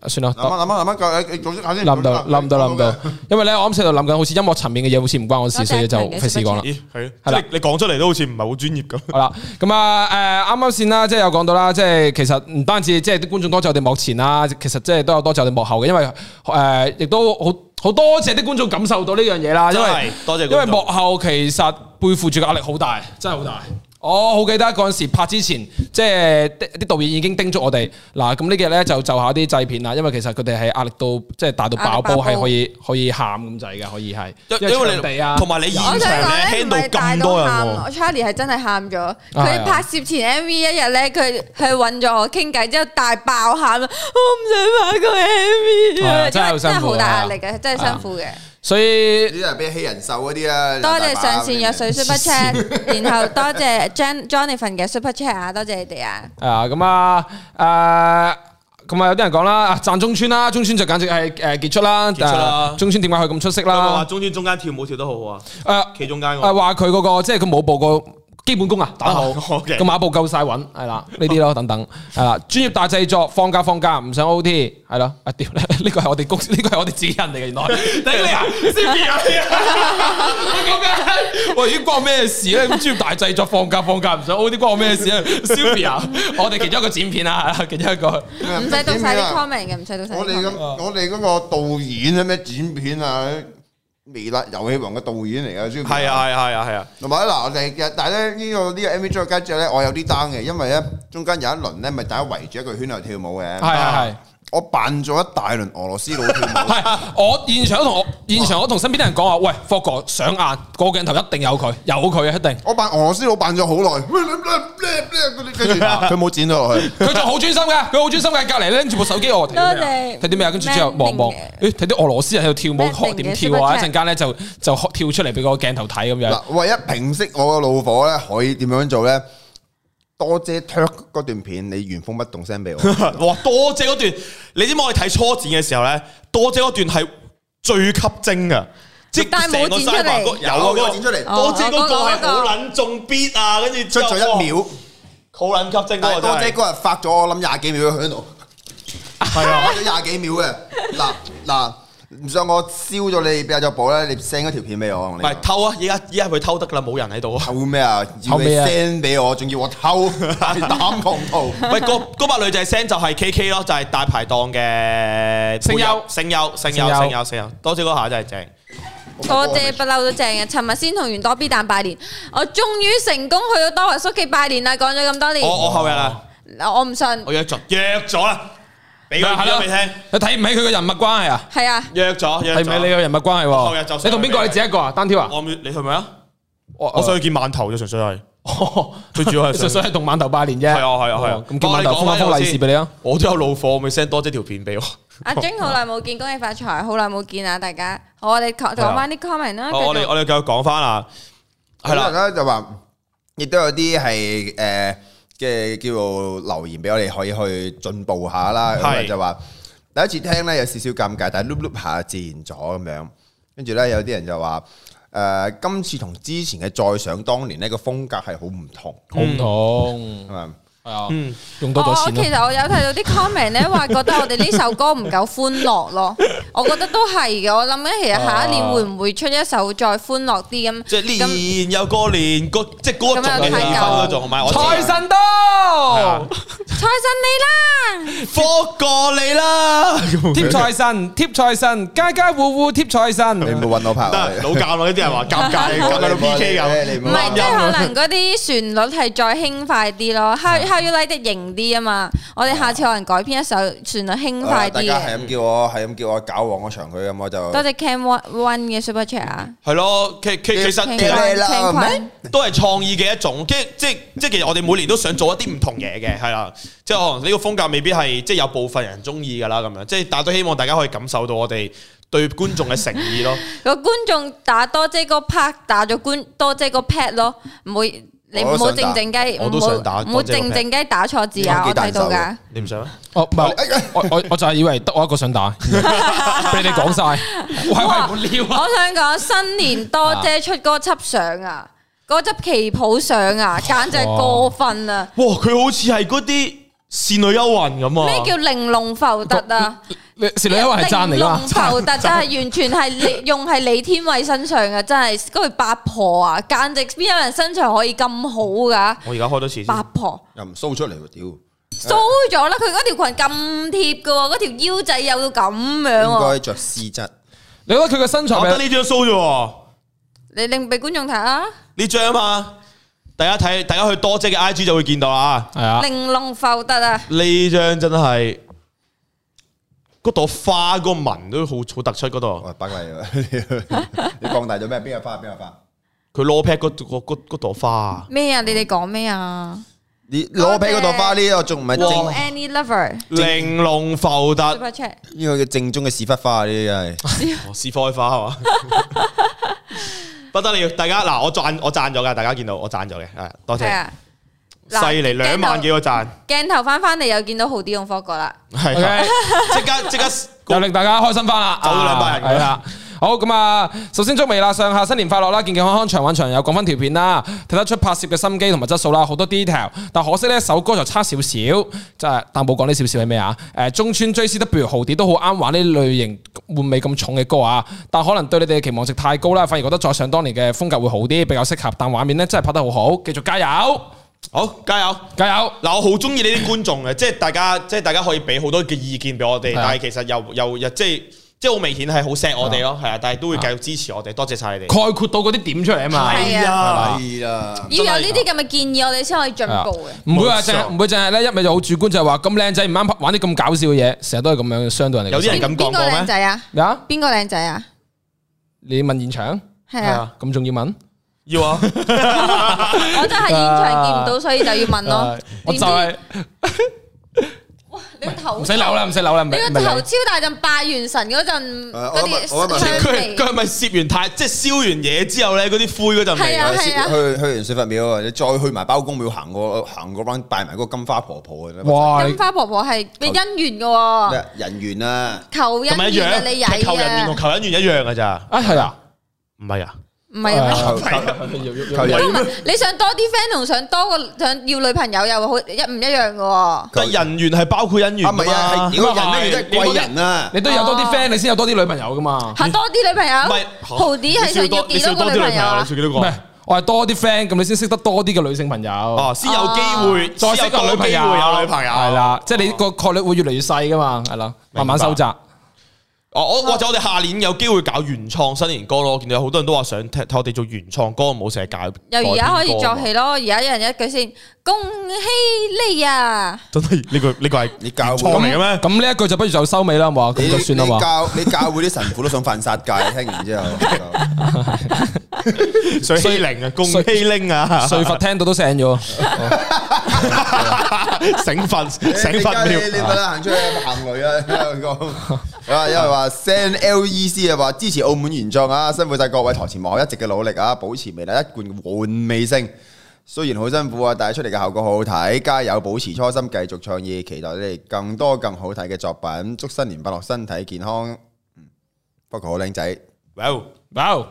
算啦，諗下諗下諗下，夠，諗到諗到諗到，因為咧我啱先就諗緊，好似音樂層面嘅嘢，好似唔關我事，所以就費事講啦。咦，係、即係、你講出嚟都好似唔係好專業咁。係、嗯、啦，咁啊，誒，啱啱先啦，即係有講到啦，即係其實唔單止即係啲觀眾多謝我哋幕前啦，其實即係都有多謝我哋幕後嘅，因為誒亦都好好多謝啲觀眾感受到呢樣嘢啦，因為多謝，因為幕後其實背負住嘅壓力好大，真係好大。哦，好記得嗰陣時拍之前，即係啲導演已經叮囑我哋，嗱，咁呢幾日咧就就下啲製片啦，因為其實佢哋係壓力到即係大到爆煲，係可以可以喊咁滯嘅，可以係因為你哋啊，同埋你現場咧唔係大到喊，Charlie 係真係喊咗，佢拍攝前 M V 一日咧，佢去揾咗我傾偈之後大爆喊咯，我唔想拍個 M V 啊，啊，真係好大壓力嘅，真係辛苦嘅。所以呢啲人俾欺人受嗰啲啊！多謝上線若水 Super Chat，然後多謝 John、Johnyvan 嘅 Super Chat 啊！多謝你哋啊！啊咁啊，誒咁啊有啲人講啦，啊讚中村啦，中村就簡直係誒傑出啦，但係、啊、中村點解可以咁出色啦？中村中間跳舞跳得好好啊！誒、啊，企中間我佢嗰個、啊啊那個、即係佢冇報告。基本功啊，打好個、啊 okay、馬步夠晒，穩，係啦，呢啲咯，等等係啦。專業大製作放假放假唔想 OT，係咯。啊屌，呢個係我哋公司，呢個係我哋自己人嚟嘅原來。頂你我講緊，我、 [LAUGHS] 啊 [LAUGHS] 哎、已經關咩事咧、啊？咁專業大製作放假放假唔想 OT，關、啊啊、 [LAUGHS] 我咩事咧？Sylvia，我哋其中一個剪片啊，其中一個，唔使讀晒啲 comment 嘅，唔使讀晒我哋咁，我哋嗰個導演啊咩剪片啊。微辣遊戲王嘅導演嚟㗎，朱。係啊係啊係啊係啊，同埋嗱，我哋嘅但係咧呢、呢個、呢個、呢個 MV 出咗街之後咧，我有啲 down 嘅，因為咧中間有一輪咧，咪大家圍住一個圈嚟跳舞嘅。我扮咗一大輪俄羅斯佬，係 [LAUGHS] 我現場同我現場，我同身邊啲人講啊，喂霍 o 上眼、那個鏡頭一定有佢，有佢一定。我扮俄羅斯佬扮咗好耐，佢冇 [LAUGHS] 剪咗落去，佢就好專心噶，佢好專心嘅。隔籬拎住部手機我睇啲咩，跟住之後望望，誒、欸，睇啲俄羅斯人喺度跳舞學點 [LAUGHS] 跳啊，一陣間咧就就跳出嚟俾個鏡頭睇咁樣。唯一平息我嘅怒火咧，可以點樣做咧？多姐拖嗰段片，你原封不動 send 俾我。哇， [LAUGHS] 多姐嗰段，你知唔知我睇初展嘅時候咧，多姐嗰段係最吸睛噶，即係成個刪埋嗰有嗰個剪出嚟，多姐嗰個係冇捻中必啊，跟住、嗰個、出咗一秒，好捻吸睛啊！多姐嗰日發咗我諗廿幾秒喺度，係啊，發咗廿幾秒嘅，嗱嗱。唔想我燒咗你，俾阿只寶啦，你 send 嗰條片俾我。我同你講。唔係偷啊，依家依家佢偷得噶啦，冇人喺度。偷咩啊？要你 send 俾我，仲要我偷，膽狂徒。喂，嗰嗰把女仔 send 就係 KK 咯，就係大排檔嘅。聖優，聖優，聖優，聖優，聖優，多謝哥下真係正，多謝不嬲都正嘅。尋日先同源多 B 蛋拜年，我終於成功去到多維叔記拜年啦。講咗咁多年，我我後日啦。嗱，我唔信。我約咗，約咗啦。俾佢聽，你睇唔起佢嘅人物關係啊？係啊，約咗，係唔係你嘅人物關係。後日就你同邊個？你自己一個啊？單挑啊？我你去唔去啊？我我需要見饅頭，就純粹係，最主要係純粹係同饅頭拜年啫。係啊，係啊，係啊。咁饅頭封一封利是俾你啊！我都有怒火，我咪 send 多幾條片俾我。阿晶好耐冇見，恭喜發財！好耐冇見啊，大家，好，我哋講講翻啲 comment 啦。我哋我哋繼續講翻啦。係啦，就話，亦都有啲係誒。嘅叫做留言俾我哋可以去進步下啦，咁啊是就話第一次聽呢，有少少尷尬，但係碌碌下自然咗咁樣。跟住呢，有啲人就話誒、呃、今次同之前嘅再想當年呢個風格係好唔同，好唔同啊！ [LAUGHS] 嗯嗯，用多咗錢。哦，其實我有睇到啲 comment 咧，話覺得我哋呢首歌唔夠歡樂咯。我覺得都係嘅。我諗咧，其實下一年會唔會出一首再歡樂啲咁？即係年又過年，個即係嗰一種氣氛嗰種，同埋財神到，財神嚟啦，福過你啦，貼財神，貼財神，家家戶戶貼財神。你冇揾我拍，老尷啦啲人話尷尬，尷尬到 PK 咁。唔係即係可能嗰啲旋律係再輕快啲咯。係。要嚟得型啲啊嘛！我哋下次可能改編一首，算啦，輕快啲。大家係咁叫我，係咁叫我搞黃嗰場佢咁，我就多謝 Cam One 嘅 Super Chat。係咯，其其其實，其實都係創意嘅一種。即即即其實我哋每年都想做一啲唔同嘢嘅，係啦。即可能呢個風格未必係即有部分人中意噶啦，咁樣。即但都希望大家可以感受到我哋對觀眾嘅誠意咯。個 [LAUGHS] 觀眾打多謝個拍，打咗觀多謝個 pat 咯，唔會。你唔好靜靜雞，唔好唔好靜靜雞打錯字啊！我睇到噶，你唔想咩？我唔係我我我就係以為得我一個想打，俾 [LAUGHS] 你講晒。喂喂啊、哇！我想講新年多姐出嗰輯相啊，嗰輯旗袍相啊，簡直過分啦，啊！哇！佢好似係嗰啲。倩女幽魂咁啊！咩叫玲瓏浮凸啊？倩女幽魂讚你啦！玲瓏浮凸就係完全係用喺李天偉身上嘅，真係嗰條八婆啊！簡直邊有人身材可以咁好噶？我而家開多次，八婆又唔 show 出嚟喎屌 show 咗啦！佢嗰條裙咁貼嘅，嗰條腰仔幼到咁樣。應該着絲質。你覺得佢嘅身材得呢張 show 啫？你令俾觀眾睇啊？呢張啊嘛。大家睇，大家去多姐嘅 I G 就會見到啦。係啊的，玲瓏浮特啊，呢張真係嗰朵花個紋都好好突出嗰度。白麗，你放大咗咩？邊個花？邊個花？佢攞劈嗰朵花咩啊？你哋講咩啊？你攞劈嗰朵花呢？我仲唔係正？Any lover，玲瓏浮得，呢 [LAUGHS] 個叫正宗嘅屎忽花呢？呢啲係屎忽花係嘛？ [LAUGHS] [LAUGHS] [LAUGHS] 不得了！大家嗱，我讚我讚咗噶大家見到我讚咗嘅，係多謝，犀利兩萬幾個讚，鏡頭翻翻嚟，又見到豪 Dee 同霍哥哥啦，係，即刻即刻又令大家開心翻啦，走咗兩百人係啦。啊好咁啊，嗯！首先祝未啦，上下新年快樂啦，健健康康，長玩長有，講翻條片啦，睇得出拍攝嘅心機同埋質素啦，好多 detail，但可惜呢首歌就差少少，即係但冇講呢少少係咩啊？誒，中村 JCW 豪 Dee 都好啱玩呢類型換味咁重嘅歌啊，但可能對你哋嘅期望值太高啦，反而覺得再上當年嘅風格會好啲，比較適合。但畫面呢真係拍得好好，繼續加油，好加油加油！嗱油，我好中意呢啲觀眾嘅，即係 [LAUGHS] 大家，即係大家可以俾好多嘅意見俾我哋，的但係其實又又又即係。即係好明顯係好錫我哋咯，係啊，但係都會繼續支持我哋，多謝晒你哋。概括到嗰啲點出嚟啊嘛，係啊，係啦，要有呢啲咁嘅建議，我哋先可以進步嘅。唔會話淨唔會淨係咧，一味就好主觀，就係話咁靚仔唔啱拍，玩啲咁搞笑嘅嘢，成日都係咁樣。相對嚟，有啲人咁講過咩？邊個靚仔啊？咩啊？邊個靚仔啊？你問現場係啊？咁仲要問？要啊！我都係現場見唔到，所以就要問咯。我真係。你個頭唔使扭啦，唔使扭啦，你個頭超大陣拜完神嗰陣，佢佢係咪攝完太即係燒完嘢之後咧，嗰啲灰嗰陣味啊？去去完水佛廟，你再去埋包公廟行過行嗰班拜埋個金花婆婆。哇！金花婆婆係你姻緣噶喎，人緣啊，求姻緣你曳啊，求姻緣同求姻緣一樣噶咋？啊係啊，唔係啊。唔係，你想多啲 friend 同想多個想要女朋友又好一唔一樣嘅？但人緣係包括姻緣啊，唔係啊，點話話呢？貴人啊，你都有多啲 friend，你先有多啲女朋友噶嘛？嚇，多啲女朋友，唔係，豪 Dee 係想要幾多個女朋友？唔係，我係多啲 friend，咁你先識得多啲嘅女性朋友，哦，先有機會再識個女朋友，有女朋友，係啦，即係你個概率會越嚟越細噶嘛，係啦，慢慢收窄。哦、啊，我或者我哋下年有機會搞原創新年歌咯，見到有好多人都話想聽，我哋做原創歌，唔好成日搞。又而家開始作起咯，而家一人一句先，恭喜你啊！真係呢句呢句係你教會嚟嘅咩？咁呢一句就不如就收尾啦，係嘛？咁就算啦嘛。你教你教會啲神父都想犯殺戒， [LAUGHS] 聽完之後。 [LAUGHS] [LAUGHS] 稅欺凌啊，公欺凌啊，稅法聽到都醒咗，醒瞓醒瞓了。呢份咧行出嚟行女啊，佢話因為話 send L E C 啊，話支持澳門原創啊，辛苦晒各位台前幕後一直嘅努力啊，保持未來一貫完美性。雖然好辛苦啊，但係出嚟嘅效果好好睇。加油，保持初心，繼續創業，期待你哋更多更好睇嘅作品。祝新年快樂，身體健康。嗯，不過好靚仔。哇哦，哇哦。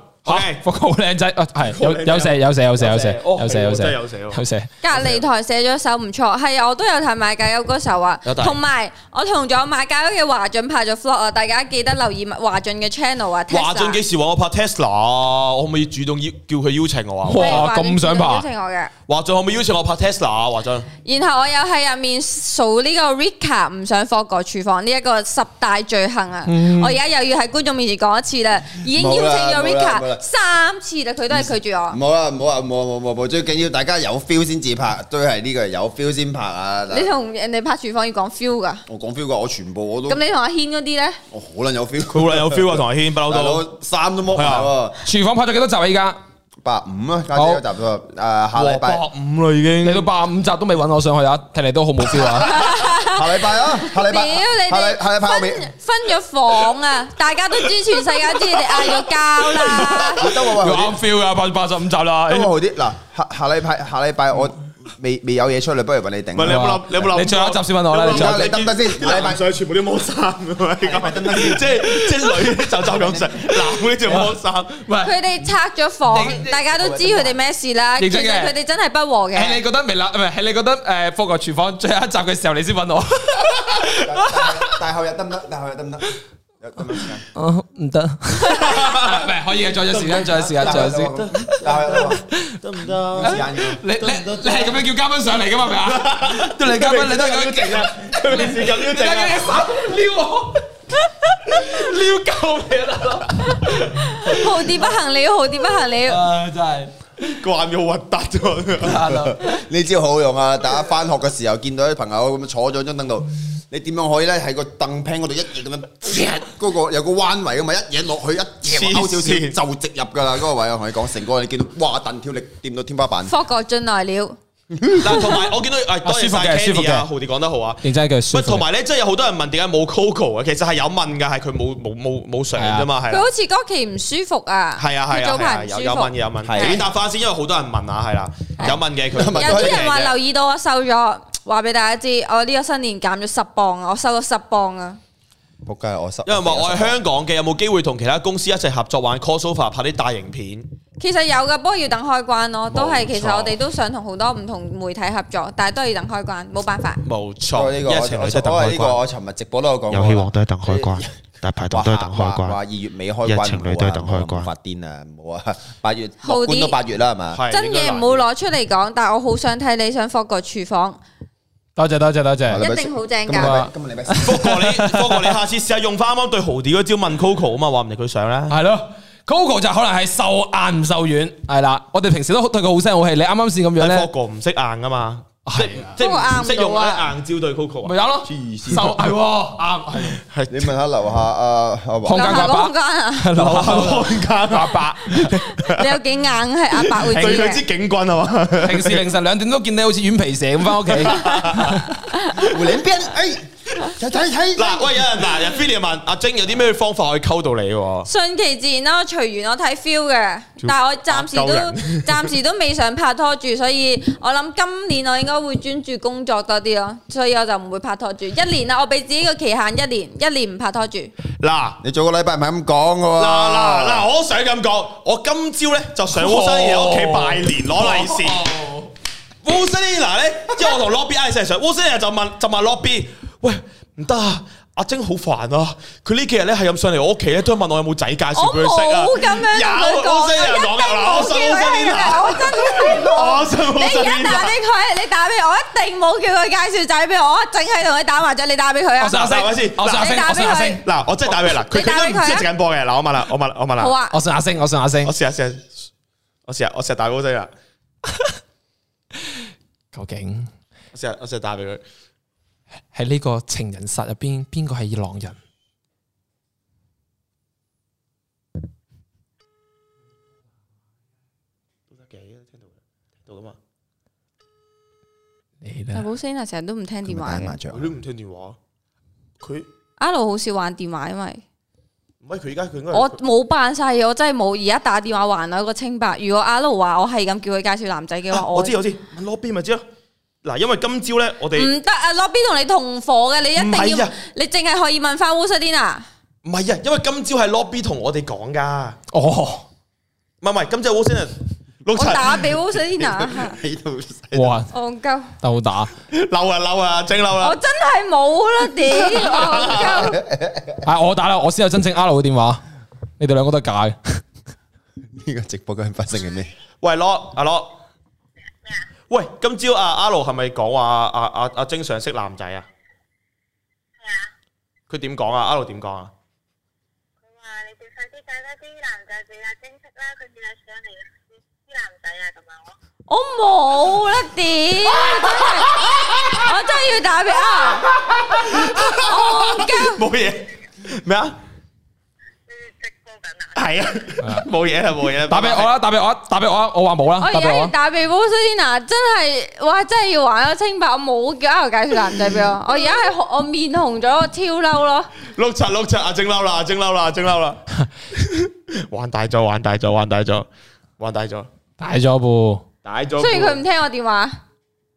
福哥好靚仔啊！係有寫有寫有寫有寫有寫有寫有寫，隔籬台寫咗首唔錯，係我都有睇馬介休嗰首啊。同埋我同咗馬介休嘅華俊拍咗 Vlog 啊，大家記得留意華俊嘅 channel 啊。華俊幾時話我拍 Tesla 啊？我可唔可以主動叫佢邀請我啊？哇，咁想拍！邀請我嘅華俊可唔可以邀請我拍 Tesla 啊？華俊。然後我又喺入面數呢個 Rika 唔想貨個廚房呢一個十大罪行啊！我而家又要喺觀眾面前講一次啦，已經邀請咗 Rika。三次啦，佢都係拒絕我。唔唔好唔好，唔好、啊，唔好、啊，唔好、啊啊啊啊啊。最緊要大家有 feel 先至拍，都係呢個有 feel 先拍啊！你同人哋拍廚房要講 feel 噶？我講 feel 噶，我全部我都。咁你同阿軒嗰啲咧？我可能有 feel， [LAUGHS] 佢可能有 feel 啊！同阿軒不溜到，衫都剝埋喎。廚房拍咗幾多集啊？依家？八五啊，下禮拜好五啦已經，你到八五集都未揾我上去聽啊，聽嚟都好冇 feel 啊，下禮拜啊，下禮拜，下下禮拜分咗房啊，大家都知全世界知你嗌咗交啦，都好 [LAUGHS] 好啱 feel 啊，八八十五集啦，好啲嗱下下禮拜下禮拜我。 [LAUGHS] [LAUGHS] 未未有嘢出嚟，不如揾你定。唔係你有冇諗？你有冇諗？最後一集先問我啦。你得唔得先？一禮拜上去全部都冇衫，而家快得唔得先？即係即係女就就咁食，男咧就冇衫。唔係。佢哋拆咗房，大家都知佢哋咩事啦。其實佢哋真係不和嘅。係你覺得未立？唔係係你覺得誒？復活廚房最後一集嘅時候，你先問我。大後日得唔得？大後日得唔得？咁唔得，唔可以再有時間，再試下再試，得唔得？時你你係咁樣叫嘉賓上嚟噶嘛？咪啊，都你嘉賓，你都咁正啊！你時間撩正啊！手撩我，撩夠咩啦？豪 Dee 不行了，豪 Dee 不行了，真係慣咗核突咗。大佬，呢招好用啊！大家翻學嘅時候見到啲朋友咁樣坐咗張凳度。你點樣可以咧喺個凳 pan 嗰度，一嘢咁樣，嗰個有個彎位啊嘛，一嘢落去一抽少少就直入噶啦嗰個位，我同你講，成個你見到哇，彈跳力掂到天花板。霍哥進來了。但同埋我見到，唉，多謝曬 Kenny 豪 Dee 講得好啊，認真佢舒服。唔同埋咧，即係有好多人問點解冇 Coco 啊，其實係有問噶，係佢冇冇冇冇上啫嘛，佢好似嗰期唔舒服啊，係啊係啊，有問嘅有問，先答翻先，因為好多人問啊，係啦，有問嘅佢。有啲人話留意到我瘦咗。話俾大家知，我呢個新年減咗十磅，啊。我收咗十磅啊！仆街，我十因為話我係香港嘅，有冇機會同其他公司一齊合作玩 cosplay 拍啲大型片？其實有噶，不過要等開關咯。都係其實我哋都想同好多唔同媒體合作，但係都係要等開關，冇辦法。冇錯呢個，而情侶都等開關。我尋日直播都有講過，遊戲王都係等開關，大牌檔都係等開關。話二月尾開關，情侶都係等開關。發癲啊！冇啊，八月，好啲。都八月啦，係嘛？真嘢，唔好攞出嚟講，但我好想睇你想復個廚房。多謝多謝多謝，謝謝謝謝一定好正噶。今日你咩事？不 [NOISE] 過樂你，不過你下次試下用返啱對豪啲嗰招問 Coco 啊嘛，話唔定佢上咧。係咯，Coco 就可能係受硬唔受軟。係啦，我哋平時都對佢好聲好氣，你啱啱試咁樣咧，不過唔識硬噶嘛。即即即用啲硬照對 COCO 咪有咯，受係喎，啱係，係你問下樓下阿阿黃，啊、空間樓、啊、下，留下空間阿、啊、伯，你有幾硬係阿伯會對佢支警棍係嘛？平時凌晨兩點都見你好似軟皮蛇咁返屋企，我連 [LAUGHS] [LAUGHS] 邊誒。哎睇睇嗱，喂，有人嗱，阿 b i l l 問阿晶有啲咩方法可以溝到你？順其自然咯，隨緣，我睇 feel 嘅。但係我暫時都暫時都未想拍拖住，所以我諗今年我應該會專注工作多啲咯。所以我就唔會拍拖住一年啦。我俾自己個期限一年，一年唔拍拖住。嗱，你做個禮拜唔係咁講嘅。嗱嗱嗱，我想咁講，我今朝咧就上霍生嘅屋企拜年攞利是。霍生那咧，因為我同 Lobby I 一齊上，霍生就問就問 Lobby。喂，唔得啊！阿晶好煩啊！佢呢幾日咧係咁上嚟我屋企咧，都問我有冇仔介紹俾佢識啊！有，我成日講又講，我真係你而家打俾佢，你打俾我，一定冇叫佢介紹仔俾我，我整喺同佢打麻雀，你打俾佢啊！我信阿星，我信阿星，我信阿星嗱，我真係打俾佢啦，佢佢唔正緊波嘅嗱，我問啦，我問，我問啦，好啊，我信阿星，我信阿星，我試下先，我試下，我試下打嗰陣啊！究竟我試下，我試下打俾佢。喺呢個情人殺入邊，邊個係狼人？都得嘅，聽到嘅，聽到噶嘛？你呢？阿寶星啊，成日都唔聽電話嘅，佢都唔聽電話。佢阿露好少玩電話，因為唔係佢而家，佢應該係我冇扮晒嘢，我真係冇。而家打電話還我個清白。如果阿露話我係咁叫佢介紹男仔嘅話，我知我知，攞邊咪知咯。 [LAUGHS] 嗱， [MUSIC] 因為今朝咧，我哋唔得啊！Lobby 同你同伙嘅，你一定要，啊、你淨係可以問翻烏塞天娜唔係啊，因為今朝係 Lobby 同我哋講噶。哦，唔係唔係，今朝烏塞天娜，我打俾烏塞天娜。哇！戇鳩，鬥打，嬲啊嬲啊，正嬲啦！我真係冇啦，點戇，我打啦，我先有真正阿羅嘅電話，你哋兩個都係假嘅。呢 [LAUGHS] 個直播究竟發生緊咩？喂，洛，阿洛。 [LAUGHS] 喂，今朝阿阿露係咪講話阿阿阿晶想識男仔啊？係麼啊。佢點講啊？阿露點講啊？佢話：你哋快啲揀多啲男仔俾阿晶識啦，佢仲有想嚟啲男仔啊咁樣咯。我冇啦，點？我真係 [LAUGHS] 要打俾阿。 [LAUGHS] [LAUGHS] 我驚怕。冇嘢。咩啊？係啊，冇嘢啦，冇嘢是。打俾我啦，打俾我啦，打俾我啦。我話冇啦。我而家打俾 Wilson，真係，哇，真係要還個清白。我冇加 [LAUGHS] 我介紹男仔俾我，我而家係我面紅咗，我超嬲咯。碌柒碌柒，啊正，正嬲啦，阿正嬲啦，正嬲啦，玩大咗，玩大咗，玩大咗，玩大咗，大咗喎，大咗。雖然佢唔聽我電話。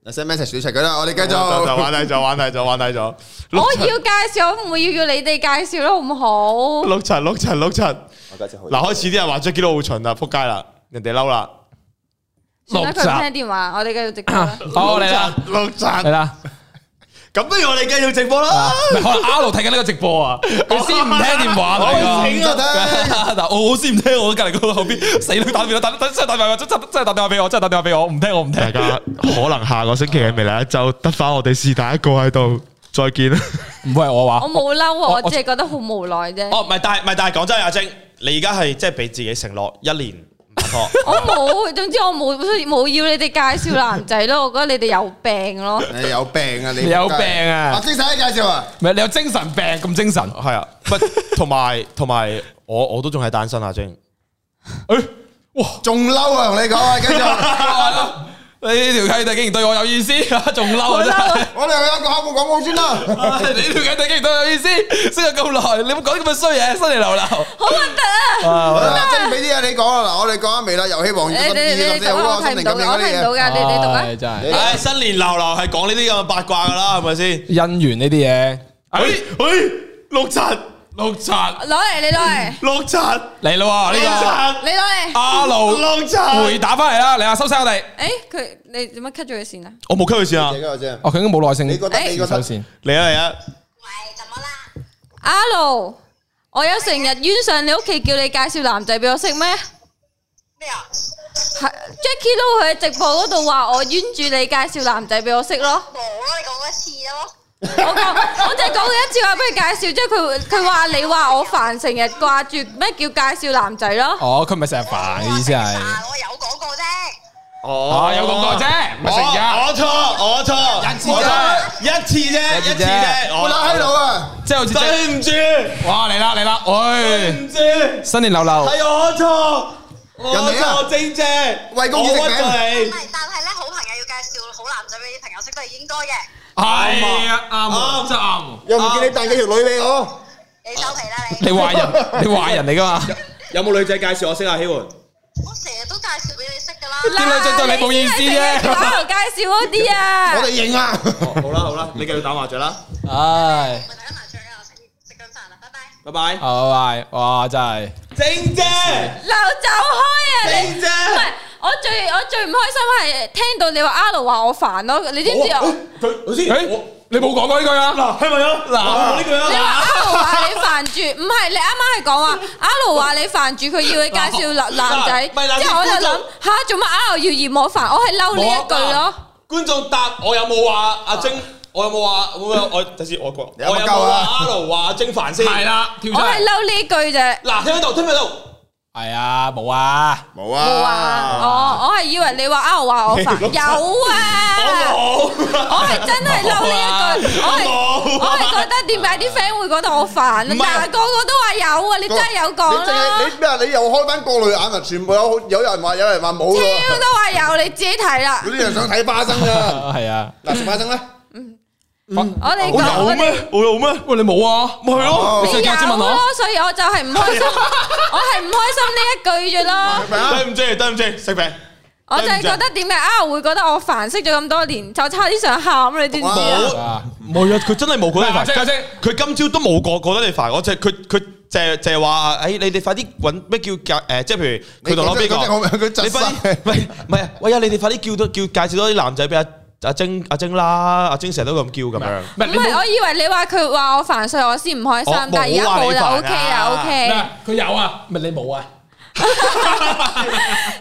嗱 s e n 齊選齊佢啦，我哋繼續。玩大咗，玩大咗，玩大咗。我要介紹，唔會要要你哋介紹啦，好唔好？六層，六層，六層。嗱，開始啲人話咗幾多好蠢啦，扑街啦，人哋嬲啦。唔得了，而家佢聽電話，我哋繼續直。好嚟，六層嚟啦。咁不如我哋繼續直播啦。唔係可能阿睇緊呢個直播啊，佢先唔聽電話嚟噶。嗱，我先唔聽，我隔籬嗰度後邊死都打電話，打打真係打電話，真真係打電話俾我，真係打電話俾我，唔聽我唔聽。大家可能下個星期嘅未嚟就得翻我哋是但一個喺度再見啦。唔會係我話，我冇嬲，我只係覺得好無奈啫。哦，唔係但係唔係但係，講真阿晶，你而家係即係俾自己承諾一年。我冇，總之我冇，冇要你哋介紹男仔咯。我覺得你哋有病咯。你有病啊？你有病啊？阿晶使唔使介紹啊？唔係你有精神病咁精神？係啊，同埋同埋，我我都仲係單身啊，晶。誒，哇，仲嬲啊！同你講啊，繼續係咯。你條契弟竟然對我有意思，仲嬲啊！真係我哋有一個敲木講講先啦。你條契弟竟然對我有意思，識咗咁耐，你冇講啲咁嘅衰嘢，失禮流流。好核突啊！啊。你講啦，嗱，我哋講下未啦，遊戲王二咁樣，我睇唔到，我睇唔到嘅，你你讀啊，真係，唉，新年流流係講呢啲咁嘅八卦噶啦，係咪先？姻緣呢啲嘢，哎哎，六七六七，攞嚟，你攞嚟，六七嚟啦，哇，六七，你攞嚟，阿六六七，回打翻嚟啦，你啊，收聲我哋，誒，佢你點解 cut 咗佢線啊？我冇 cut 佢線啊，哦，佢應該冇耐性，你覺得點樣收線？嚟啊嚟啊，喂，怎麼啦？阿六。我有成日冤上你屋企叫你介紹男仔俾我識咩？咩啊？Jacky 都喺直播嗰度話我冤住你介紹男仔俾我識咯。冇你講一次， [LAUGHS] 一次說說咯，我講我淨係講咗一次話俾佢介紹啫。佢佢話你話我煩，成日掛住咩叫介紹男仔咯？哦，佢咪成日煩，意思係。我有講過啫。哦，有咁多啫，我我錯我錯，一次啫，一次啫，一次啫，我拉喺度啊，即係對唔住，哇嚟啦嚟啦，喂！唔知！新年流！流，係我錯，我錯正正，我屈你，唔係，但係咧，好朋友要介紹好男仔俾啲朋友識都係應該嘅，係啊，啱，啱，又唔見你帶幾條女嚟，可你收皮啦，你你壞人，你壞人嚟噶嘛，有冇女仔介紹我識啊，希文？我成日都介紹俾你識噶啦，啲女仔對你冇意思嘅，我由介紹嗰啲啊。我哋認啦，好啦好啦，你繼續打麻雀啦。唉，我打緊麻雀啊，我食食緊飯啦，拜拜。拜拜，好拜拜，哇真係。正姐，劉走開啊！正姐，喂我最我最唔開心係聽到你話阿露話我煩咯，你知唔知啊？佢老師，我。你冇講過呢句啊？聽唔聽到？嗱，冇呢句啊！你話阿盧話你煩住，唔係你啱啱係講話阿盧話你煩住，佢要你介紹男仔。唔係，即係我就諗嚇，做乜阿盧要嫌我煩？我係嬲你一句咯。觀眾答：我有冇話阿晶？我有冇話我我即係我講？我有冇話阿盧話阿晶煩先？係啦，我係嬲呢句啫。嗱，聽喺度？聽喺度？係啊，冇啊，冇啊，哦，我係以為你話我話我煩，有啊，我係真係嬲呢一句，我係我係覺得點解啲 friend 會覺得我煩啊？但係，個個都話有啊，你真係有講你咩啊？你又開翻過濾眼啊？全部有，有人話有人話冇啊都話有，你自己睇啦。有啲人想睇花生噶，係啊，嗱，花生咧。我哋有咩？我有咩？喂，你冇啊？咪係咯，你個先問，所以我就係唔開心，我係唔開心呢一句啫咯。對唔住！對唔住！食餅。我就係覺得點解啊？會覺得我煩，識咗咁多年，就差啲想喊你知唔知？冇啊，冇啊，佢真係冇覺得你煩。家姐，佢今朝都冇過覺得你煩。我即係佢，佢淨係淨係話：哎，你哋快啲搵咩叫誒？即係譬如佢同攞邊個？你快啲，唔係啊！喂啊！你哋快啲叫多叫介紹多啲男仔俾阿。阿晶阿晶啦，阿晶成日都咁叫咁樣。唔係，我以為你話佢話我煩碎我先唔開心。啊、但而家冇啦，OK 啊 OK。佢有啊，咪你冇啊？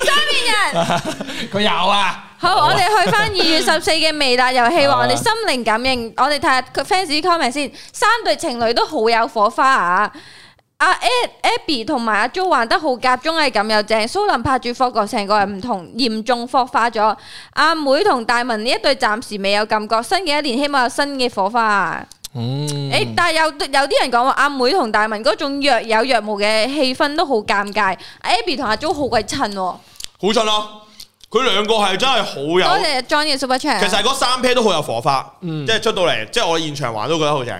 假面人，佢有啊。好，我哋、啊、去翻二月十四嘅微辣遊戲王， [LAUGHS] 我哋心靈感應，我哋睇下佢 fans comment 先。三對情侶都好有火花啊！阿 Abby 同埋阿 Jo 玩得好夾，綜藝感又正。蘇林拍住霍哥成個人唔同，嚴重霍化咗。阿妹同大文呢一對暫時未有感覺，新嘅一年希望有新嘅火花。嗯，誒、欸，但係有有啲人講話阿妹同大文嗰種若有若無嘅氣氛，都好尷尬。嗯、Abby 同阿 Jo 好鬼襯，好襯咯。佢兩個係真係好有。多謝 John 嘅 super chat。其實嗰三 pair 都好有火花，嗯、即係出到嚟，即係我現場玩都覺得好正。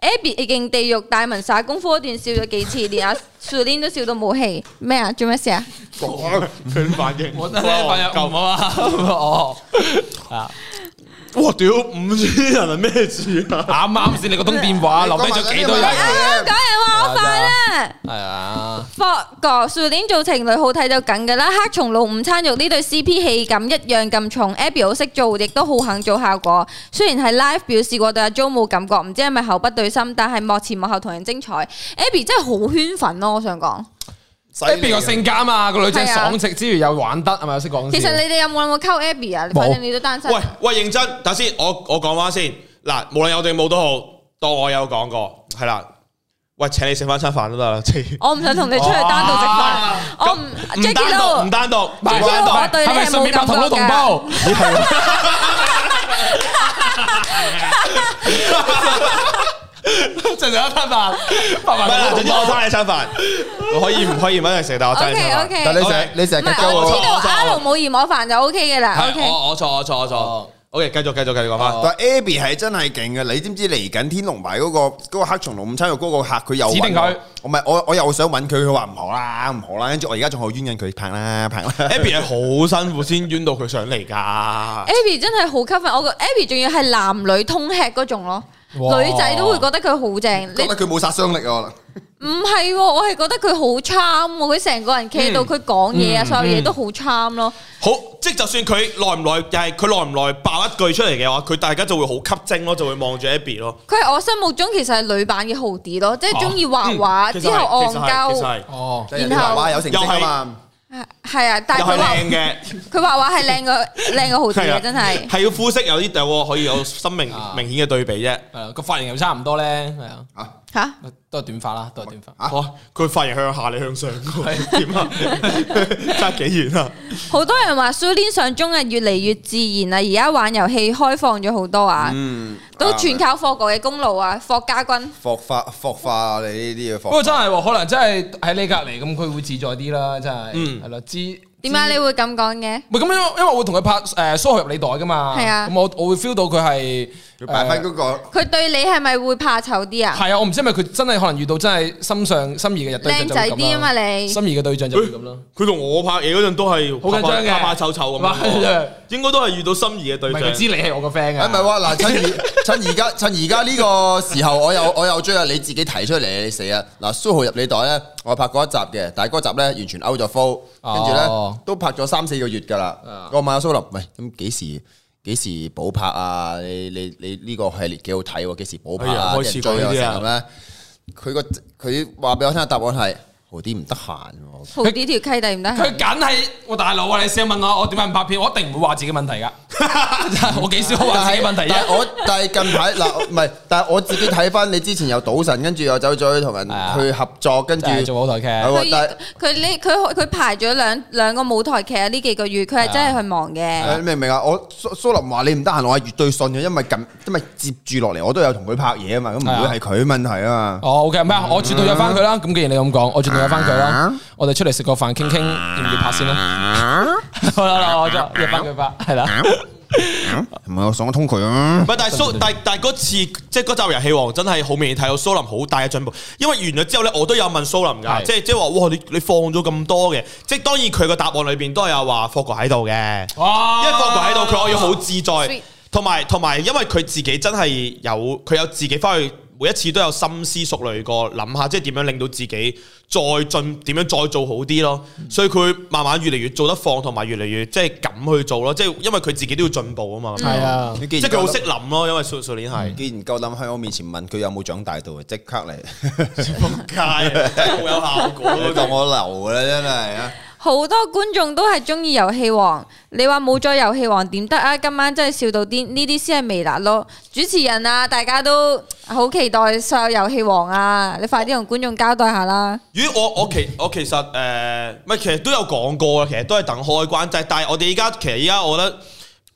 Abby 已經地獄大文耍功夫一段笑咗幾次，連阿 Sulain 都笑到冇氣。咩啊？做咩事啊？講反應我，你反應講嘛？哦啊！哇屌，唔知人係咩事？啱啱先你個通電話、嗯、留低咗幾多嘢？梗係話好快啦，係啊，霍哥上典做情侶好睇，就緊噶啦，黑松露午餐肉呢對 C P 戲感一樣咁重，Abby [MUSIC] 好識做，亦都好肯做效果。雖然係 live 表示過對阿 Jo 冇感覺，唔知係咪口不對心，但係幕前幕後同樣精彩。Abby 真係好圈粉咯，我想講。Abby 個性格啊嘛，個女仔爽直之餘又玩得，係咪有識講先？其實你哋有冇諗過溝 Abby 啊？反正你都單身。喂喂，認真，頭先我我講翻先，嗱，無論有定冇都好，當我有講過係啦。喂，請你食翻餐飯都得啦。我唔想同你出去單獨食飯，我唔唔單獨唔單獨，因為我對嘢冇同咗同胞，係、啊。就有一餐飯，唔係就剩我差一餐飯。我可以唔可以揾人食？但我真係食。但你食，你成日急焦我。我粗魯冇熱我飯就 O K 嘅啦。我我錯錯錯。O K 繼續繼續繼續。但 Abby 係真係勁嘅。你知唔知嚟緊天龍牌嗰個個黑松露午餐肉嗰個客？佢又指定佢。唔係我我又想揾佢，佢話唔好啦，唔好啦。跟住我而家仲好冤人佢拍啦拍啦。Abby 係好辛苦先冤到佢上嚟噶。Abby 真係好吸粉。我個 Abby 仲要係男女通吃嗰種咯。女仔都會覺得佢好正，你覺得佢冇殺傷力啊！唔係，我係覺得佢好慘，佢成個人企到，佢講嘢啊，所有嘢都好慘咯。好，即係就算佢耐唔耐又係佢耐唔耐爆一句出嚟嘅話，佢大家就會好吸睛咯，就會望住 Abby 咯。佢係我心目中其實係女版嘅豪 Dee 咯，即係中意畫畫之後戇鳩，然後畫畫有成績嘛。係啊，啊，但係佢靚嘅。佢畫畫係靚過靚過好多嘅，真係、啊。係要膚色有啲有可以有生命明顯嘅對比啫、啊。誒、啊，個髮型又差唔多咧，係啊。啊。吓，都係短髮啦，都係短髮。啊，佢髮型向下，你向上，點啊？差幾遠啊！好多人話蘇連上中啊，越嚟越自然啦。而家玩遊戲開放咗好多啊，都全靠霍哥嘅功勞啊！霍家軍，霍化霍化你呢啲嘢，不過真係可能真係喺你隔籬咁，佢會自在啲啦，真係係啦，知點解你會咁講嘅？唔係咁樣，因為我會同佢拍誒蘇荷李袋噶嘛，咁我我會 feel 到佢係。擺佢對你係咪會怕醜啲啊？係啊，我唔知係咪佢真係可能遇到真係心上心儀嘅對象靚仔啲啊嘛，你心儀嘅對象就咁咯。佢同我拍嘢嗰陣都係好緊張嘅，怕怕醜醜咁啊。應該都係遇到心儀嘅對象。佢知你係我個 friend 啊？唔係嗱，趁而趁而家趁而家呢個時候，我又我又追啊！你自己提出嚟，死啊！嗱，蘇豪入你袋咧，我拍嗰一集嘅，但係嗰集咧完全 out 咗 phone，跟住咧都拍咗三四個月噶啦。我問阿蘇林，喂，咁幾時？幾時補拍啊？你你你呢個系列幾好睇喎？幾時補拍啊？時啊人追啊成咁咧？佢個佢話俾我聽嘅答案係。嗰啲唔得閒，佢呢條契弟唔得閒。佢梗係我大佬啊！你試下問我，我點解唔拍片？我一定唔會話自己問題㗎。 [LAUGHS] 我幾少話自己問題但？但我但係近排嗱，唔係 [LAUGHS] 但係我自己睇翻你之前又賭神，跟住又走咗去同人去合作，跟住、啊、後做舞台劇。佢呢佢佢排咗兩兩個舞台劇啊！呢幾個月佢係真係去忙嘅。啊啊、你明唔明啊？我蘇林話你唔得閒，我係絕對信嘅，因為近因為接住落嚟，我都有同佢拍嘢啊嘛，咁唔會係佢問題啊嘛。哦，OK，咩啊？我絕對約翻佢啦。咁既然你咁講，翻佢啦，啊、我哋出嚟食個飯傾傾，聊聊啊、要唔要拍先啦？好啦，我做約翻佢拍，係啦。唔係我想通佢啊，唔係但係蘇但但係嗰次即係嗰集遊戲王真係好明顯睇到蘇林好大嘅進步，因為完咗之後咧，我都有問蘇林噶，即係即係話哇你你放咗咁多嘅，即係當然佢個答案裏邊都係有話霍哥喺度嘅，因為霍哥喺度佢可以好自在，同埋同埋因為佢自己真係有佢有自己翻去。每一次都有深思熟慮過，諗下即係點樣令到自己再進，點樣再做好啲咯。所以佢慢慢越嚟越做得放，同埋越嚟越即係咁去做咯。即係因為佢自己都要進步啊嘛。係啊、嗯，嗯、即係佢好識諗咯。因為隨隨年係、嗯，既然夠膽喺我面前問佢有冇長大到，即刻嚟扑街， [LAUGHS] 蛋 [LAUGHS] 真係好有效果同 [LAUGHS] 我留嘅，真係啊！好多觀眾都係中意遊戲王，你話冇咗遊戲王點得啊？今晚真係笑到癲，呢啲先係微辣咯！主持人啊，大家都好期待上遊戲王啊！你快啲同觀眾交代下啦！咦，我我其我其實誒，係其、呃、其實都有講過啦，其實都係等開關啫。但係我哋而家其實而家我覺得。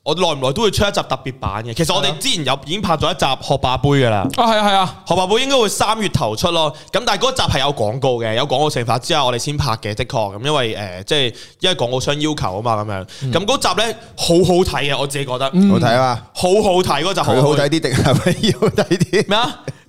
我耐唔耐都會出一集特別版嘅，其實我哋之前有已經拍咗一集《學霸杯》噶啦。啊，係啊係啊，啊《學霸杯》應該會三月頭出咯。咁但係嗰集係有廣告嘅，有廣告成法之後我哋先拍嘅，的確咁，因為誒，即、呃、係、就是、因為廣告商要求啊嘛，咁樣。咁嗰集呢，好好睇嘅，我自己覺得、嗯、好睇啊，好好睇嗰集，好好睇啲定係要睇啲咩啊？麼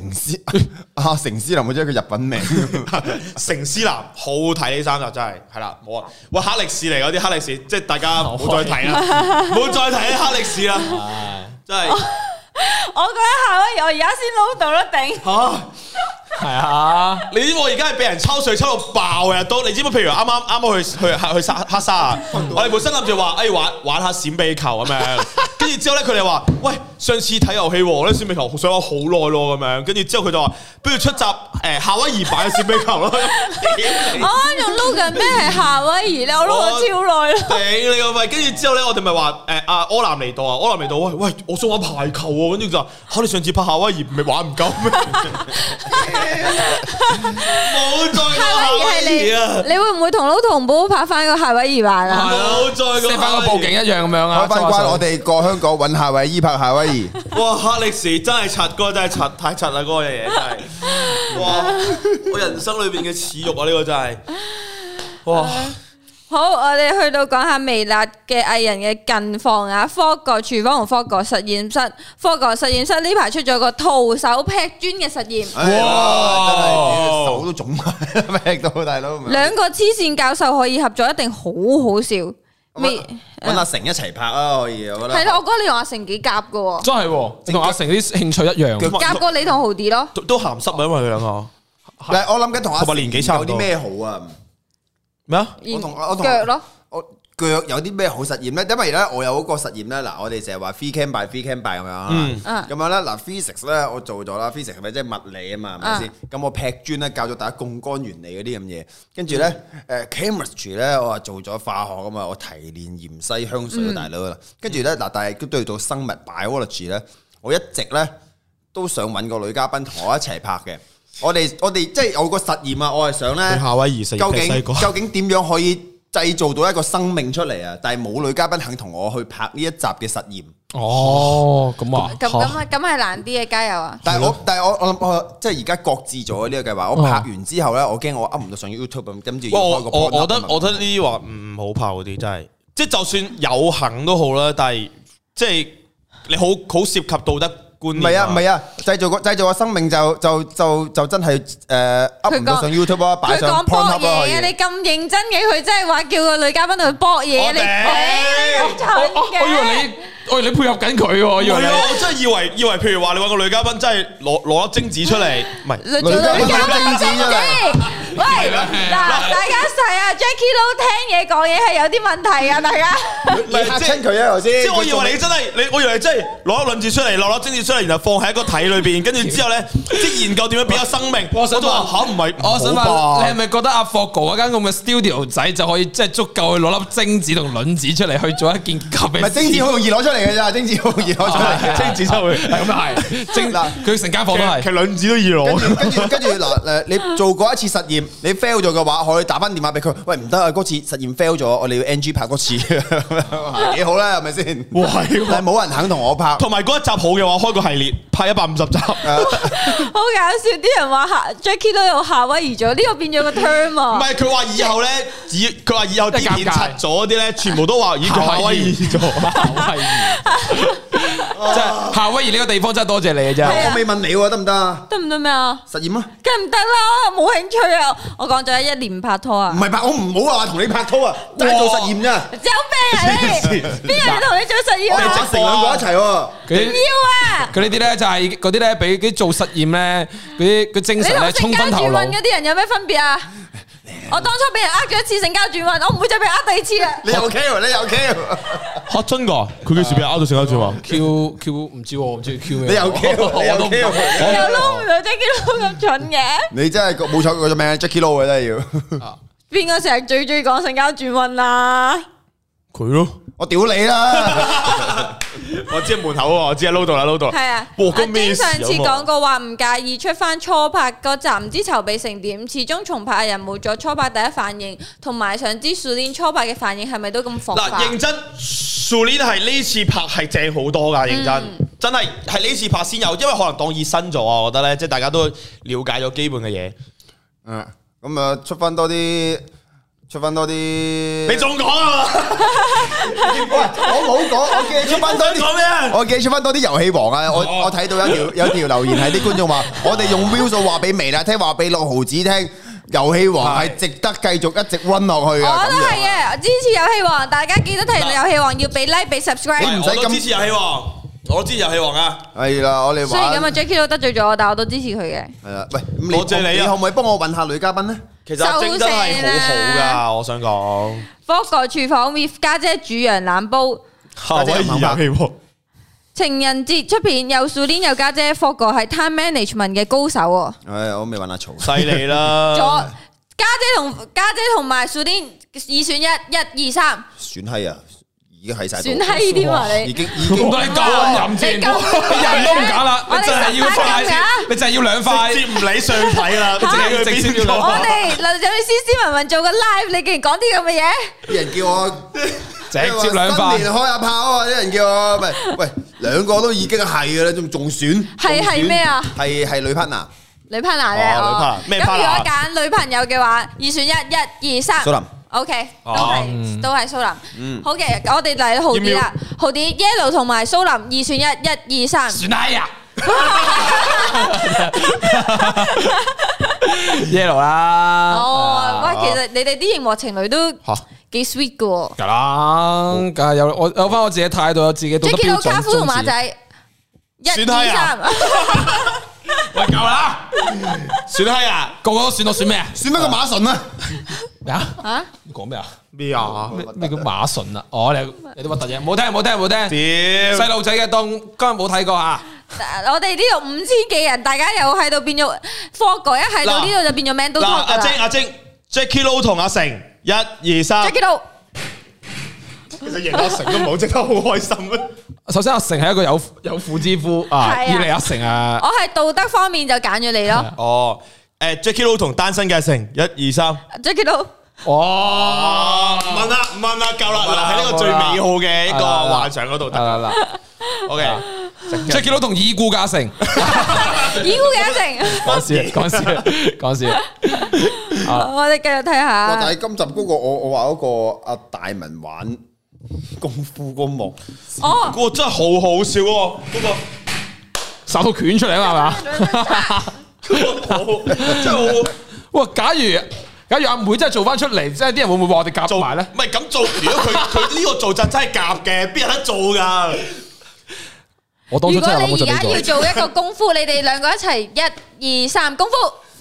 成斯阿成斯男，或者叫佢日本名。成斯男好睇呢三集，真係係啦，冇啊！哇，黑歷史嚟嗰啲黑歷史，即係大家唔好再睇啦，唔好 [LAUGHS] 再睇黑歷史啦， [LAUGHS] 啊、真係我嗰一下，我而家先撈到啦，頂、啊。 [LAUGHS] 係啊！你知我而家係俾人抽水抽到爆啊！都你知唔知？譬如啱啱啱啱去去去沙黑沙啊！我哋本身諗住話誒玩玩下閃避球咁樣，跟住之後咧佢哋話：喂，上次睇遊戲喎，咧閃避球想玩好耐咯咁樣。跟住之後佢就話：不如出集誒夏威夷版嘅閃避球咯。我啱用 logan 咩係夏威夷？我玩超耐啦！頂你個肺！跟住之後咧，我哋咪話誒阿柯南尼度啊，柯南尼度喂喂，我想玩排球啊！跟住就吓你上次拍夏威夷唔係玩唔夠咩？冇再。夏威夷係、啊、你，你會唔會同老同胞拍翻個夏威夷版啊？冇再，即係翻個布景一樣咁樣啦、啊。翻關，我哋過香港揾夏威夷拍夏威夷。 [LAUGHS] 哇！黑歷史真係柒哥，真係柒太柒啦，嗰樣嘢真係。哇！ [LAUGHS] 我人生裏邊嘅恥辱啊，呢、這個真係。哇！ [LAUGHS] 好，我哋去到講下微辣嘅藝人嘅近況啊！霍哥廚房同霍哥實驗室，霍哥實驗室呢排出咗個徒手劈磚嘅實驗，哇！真係手都腫劈到大佬。兩個黐線教授可以合作，一定好好笑。未，阿成一齊拍啊！可以，我覺得係咯，我覺得你同阿成幾夾噶，真係，同阿成啲興趣一樣。夾過你同豪 Dee 咯，都鹹濕啊，因為佢兩個。我諗緊同阿成年紀差冇啲咩好啊。咩啊麼？我同我同我腳，有啲咩好實驗咧？因為咧，我有嗰個實驗咧。嗱，我哋成日話 free can by free can by 咁、嗯、樣呢。咁樣咧，嗱 physics 咧，我做咗啦。physics 係咪即係物理啊嘛？咪、嗯？咁我劈磚咧，教咗大家槓桿原理嗰啲咁嘢。跟住咧，誒、嗯、chemistry 咧，我話做咗化學啊嘛。我提煉芫茜香水大佬。跟住咧，嗱，但係都對到生物 biology 咧，我一直咧都想揾個女嘉賓同我一齊拍嘅。我哋我哋即係有個實驗啊，我係想咧，究竟究竟點樣可以製造到一個生命出嚟、哦、啊？但係冇女嘉賓肯同我去拍呢一集嘅實驗。哦，咁啊，咁咁我啊，咁係難啲嘅加油啊！但係我但係我我諗我即係而家擱置咗呢個計劃。嗯、我拍完之後咧，我驚我噏唔到上 YouTube，咁。跟住我我覺得我覺得呢啲話唔好拍嗰啲真係，即係就算有幸都好啦，但係即係你好好涉及道德。唔係啊，唔係啊，啊，製造個製造個生命就就就就真係誒 upload 上 YouTube 啊，擺上 p 講博嘢啊！你咁認真嘅，佢真係話叫個女嘉賓去博嘢你嚟，好、啊啊、蠢嘅。喂，你配合緊佢，我真係以為以為，譬如話你搵個女嘉賓，真係攞攞精子出嚟，唔係攞卵子出嚟。嗱，大家睇啊，Jacky 都聽嘢講嘢係有啲問題啊，大家佢啊，頭先即係我以為你真係你，我以為真係攞粒卵子出嚟，攞粒精子出嚟，然後放喺一個體裏邊，跟住之後咧即係研究點樣變咗生命。我想話吓唔係，我想話你係咪覺得阿霍哥間咁嘅 studio 仔就可以即係足夠去攞粒精子同卵子出嚟去做一件極唔係精子好容易攞出嚟嘅咋？精子好易攞出嚟，精子出嚟咁又係。精嗱，佢成間房間都係，佢卵子都易攞。跟住跟住嗱，誒，你做過一次實驗，你 fail 咗嘅話，可以打翻電話俾佢。喂，唔得啊，嗰次實驗 fail 咗，我哋要 NG 拍嗰次呵呵。幾好啦，係咪先？係，但係冇人肯同我拍。同埋嗰一集好嘅話，開個系列拍一百五十集。好搞、啊、笑，啲人話夏 Jackie 都有夏威夷咗，呢、這個變咗個 term 啊！唔係，佢話以後咧，以佢話以後啲片出咗啲咧，全部都話以夏威夷咗。即係夏威夷呢個地方真係多謝你嘅咋、啊、我未問你喎，得唔得啊？得唔得咩啊？實驗啊？梗唔得啦，我冇興趣啊！我講咗一年拍拖啊，唔係拍，我唔好話同你拍拖啊，都做實驗啫。有病啊！邊人同你做實驗？我哋成兩個一齊喎。唔要啊！佢呢啲咧就係嗰啲咧，俾啲做實驗咧，嗰啲個精神咧，充分投入嗰啲人有咩分別啊？我當初俾人呃咗一次，性交轉運，我唔會再俾人呃第二次嘅。你有 care？啊、 [LAUGHS] 你有 care？吓真噶，佢幾時俾人呃咗性交轉運，Q Q 唔知喎，唔中意 Q 你有 care，有撈唔到 Jacky Lou 咁蠢嘅，你真係冇錯，佢個名 Jacky Lou 嘅真係要。邊個成日最中意講性交轉運啊？佢咯。我屌你啦！ [LAUGHS] 我知喺門口，我知喺撈度啦，撈度係啊！我經上次講過話唔介意出翻初拍嗰集，唔知籌備成點，始終重拍人冇咗初拍第一反應，同埋想知 s 年初拍嘅反應係咪都咁火？嗱認真 s 年 l 係呢次拍係正好多噶，認真，真係，係呢次拍先有，因為可能檔已新咗啊，我覺得咧，即係大家都了解咗基本嘅嘢。嗯，咁啊，出翻多啲。出翻多啲，你仲講啊？我冇講，我記得出翻多啲。講咩？我記得出翻多啲遊戲王啊！我我睇到一條有條留言係啲觀眾話，我哋用 View 數話俾微辣，聽話俾六毫子聽。遊戲王係值得繼續一直溫落去啊！我都係嘅，支持遊戲王。大家記得提遊戲王，要俾 like 俾 subscribe。唔使咁，我都支持遊戲王，我支持遊戲王啊！係啦，我哋雖然咁啊，Jacky 都得罪咗我，但係我都支持佢嘅。係啊，喂，多謝你啊！可唔可以幫我問下女嘉賓咧？其實正真係好好噶，我想講。霍哥廚房 with 家姐,姐煮羊腩煲，家 [MUSIC] 姐唔係喎。 [MUSIC] 情人節出邊有 Sulin，有家姐，霍哥係 time management 嘅高手。誒、哎，我未揾阿曹，犀利啦。家姐同家姐同埋 Sulin 二選一，一二三選閪啊！已經喺晒度，選係啲話你，已經已經都係奸人先，你人都唔揀啦，你真係要快，你真係要兩塊，接唔理相睇啦，考下佢邊先。我哋劉仔斯斯文文做個 live，你竟然講啲咁嘅嘢，人叫我直接兩塊，開下炮啊！啲人叫我，喂喂，兩個都已經係㗎啦，仲仲選係係咩啊？係係女 partner，女 partner 咧，女 partner 咩 partner？如果揀女朋友嘅話，二選一，一、二、三。OK，都係都係蘇林，好嘅，我哋嚟到豪 Dee 啦，豪 DeeYellow、同埋蘇林二選一，一二三，選閪啊！Yellow 啦，哦，喂，其實你哋啲熒幕情侶都幾 sweet 噶，梗係有我有翻我自己態度，有自己。最見到卡夫同馬仔，選閪啊！喂，夠啦，選閪啊！個個都選我，選咩啊？選乜個馬順啊？吓？你講咩啊？咩啊？咩叫馬順啊？哦，你有啲核突嘢，冇聽，冇聽，冇聽。屌，細路仔嘅凍，今日冇睇過啊。我哋呢度五千幾人，大家又喺度變咗，科改一喺度，呢度就變咗名都阿晶阿晶，Jacky Lou 同阿成，一、二、三。Jacky Lou 其實贏阿成都冇，真得好開心啊！首先阿成係一個有有婦之夫啊，二阿成啊，我係道德方面就揀咗你咯。哦。誒，Jacky Lou 同單身嘅成，一二三，Jacky Lou，哦，問啦問啦，夠啦，嗱喺呢個最美好嘅一個畫像嗰度，啦啦啦，OK，Jacky Lou 同已故嘉誠，已故嘉誠，講笑講笑講笑，我哋繼續睇下，就喺今集嗰個我我話嗰個阿大文玩功夫個木，哦，嗰個真係好好笑喎，嗰個手拳出嚟啦係嘛。好，即係哇！假如假如阿妹真係做翻出嚟，即係啲人會唔會話我哋夾埋咧？唔係咁做，如果佢佢呢個做就真係夾嘅，邊有得做噶？我當時真係冇做呢個。如果你而家要做一個功夫，你哋兩個一齊一二三功夫，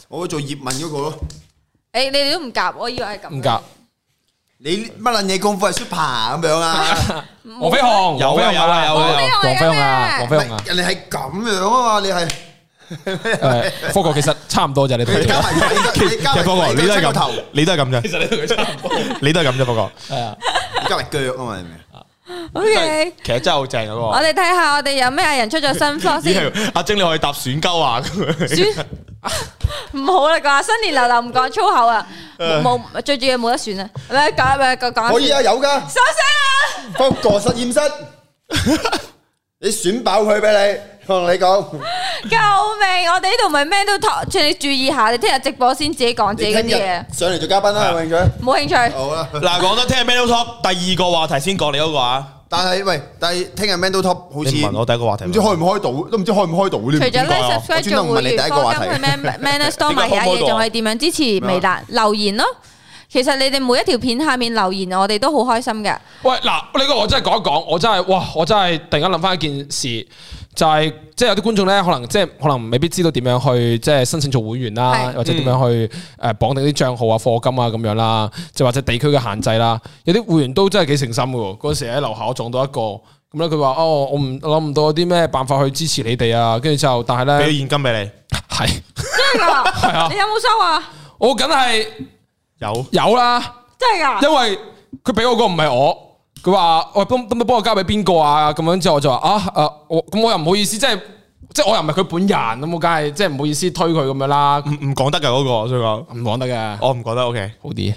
我會做葉問嗰個咯。誒，你哋都唔夾，我以為係咁。唔夾，你乜捻嘢功夫係 super 咁樣啊？黃飛鴻有有有有，黃飛鴻啊，黃飛鴻啊，人哋係咁樣啊嘛，你係。科學其實差唔多咋，你都係。其實科學你都係咁頭，你都係咁啫。其實你同佢差唔多，你都係咁啫。科學係啊，加力腳啊嘛。OK，其實真係好正噶。我哋睇下我哋有咩人出咗新貨先。阿晶，你可以搭選鳩啊。選唔好啦，啩新年流流唔講粗口啊。冇最主要冇得選啊。唔係講唔係講，可以啊，有噶。收聲啊！科學實驗室。你選爆佢俾你，我同你講，救命！我哋呢度唔係咩都 top，請你注意下，你聽日直播先自己講自己嘅嘢。上嚟做嘉賓啦，有冇興趣？冇興趣。好啦，嗱，講得聽日咩都 top，第二個話題先講你嗰個啊。但係喂，但係聽日咩都 top，好似問我第一個話題，唔知開唔開到，都唔知開唔開到。除咗 subscribe 做會員，咁佢 Manner Store 買嘢仲可以點樣支持？微辣留言咯。其實你哋每一條片下面留言，我哋都好開心嘅。喂，嗱，呢個我真係講一講，我真係，哇，我真係突然間諗翻一件事，就係即係有啲觀眾咧，可能即係可能未必知道點樣去即係申請做會員啦的、啊，或者點樣去誒綁定啲賬號啊、課金啊咁樣啦，就或者地區嘅限制啦。有啲會員都真係幾誠心嘅，嗰時喺樓下我撞到一個，咁咧佢話哦，我唔諗唔到啲咩辦法去支持你哋啊，跟住之後但係咧俾現金俾你，係真噶，係啊，你有冇收啊？ [LAUGHS] 我梗係。有有啦，真係噶，因為佢俾我個唔係我，佢話喂，咁唔幫我交俾邊個啊？咁樣之後我就話啊，誒、啊，我咁我又唔好意思，即係即係我又唔係佢本人，咁我梗係即係唔好意思推佢咁樣啦。唔唔講得噶嗰、那個，所以講唔講得噶、okay 一， [LAUGHS] 我唔講得。O K，好啲。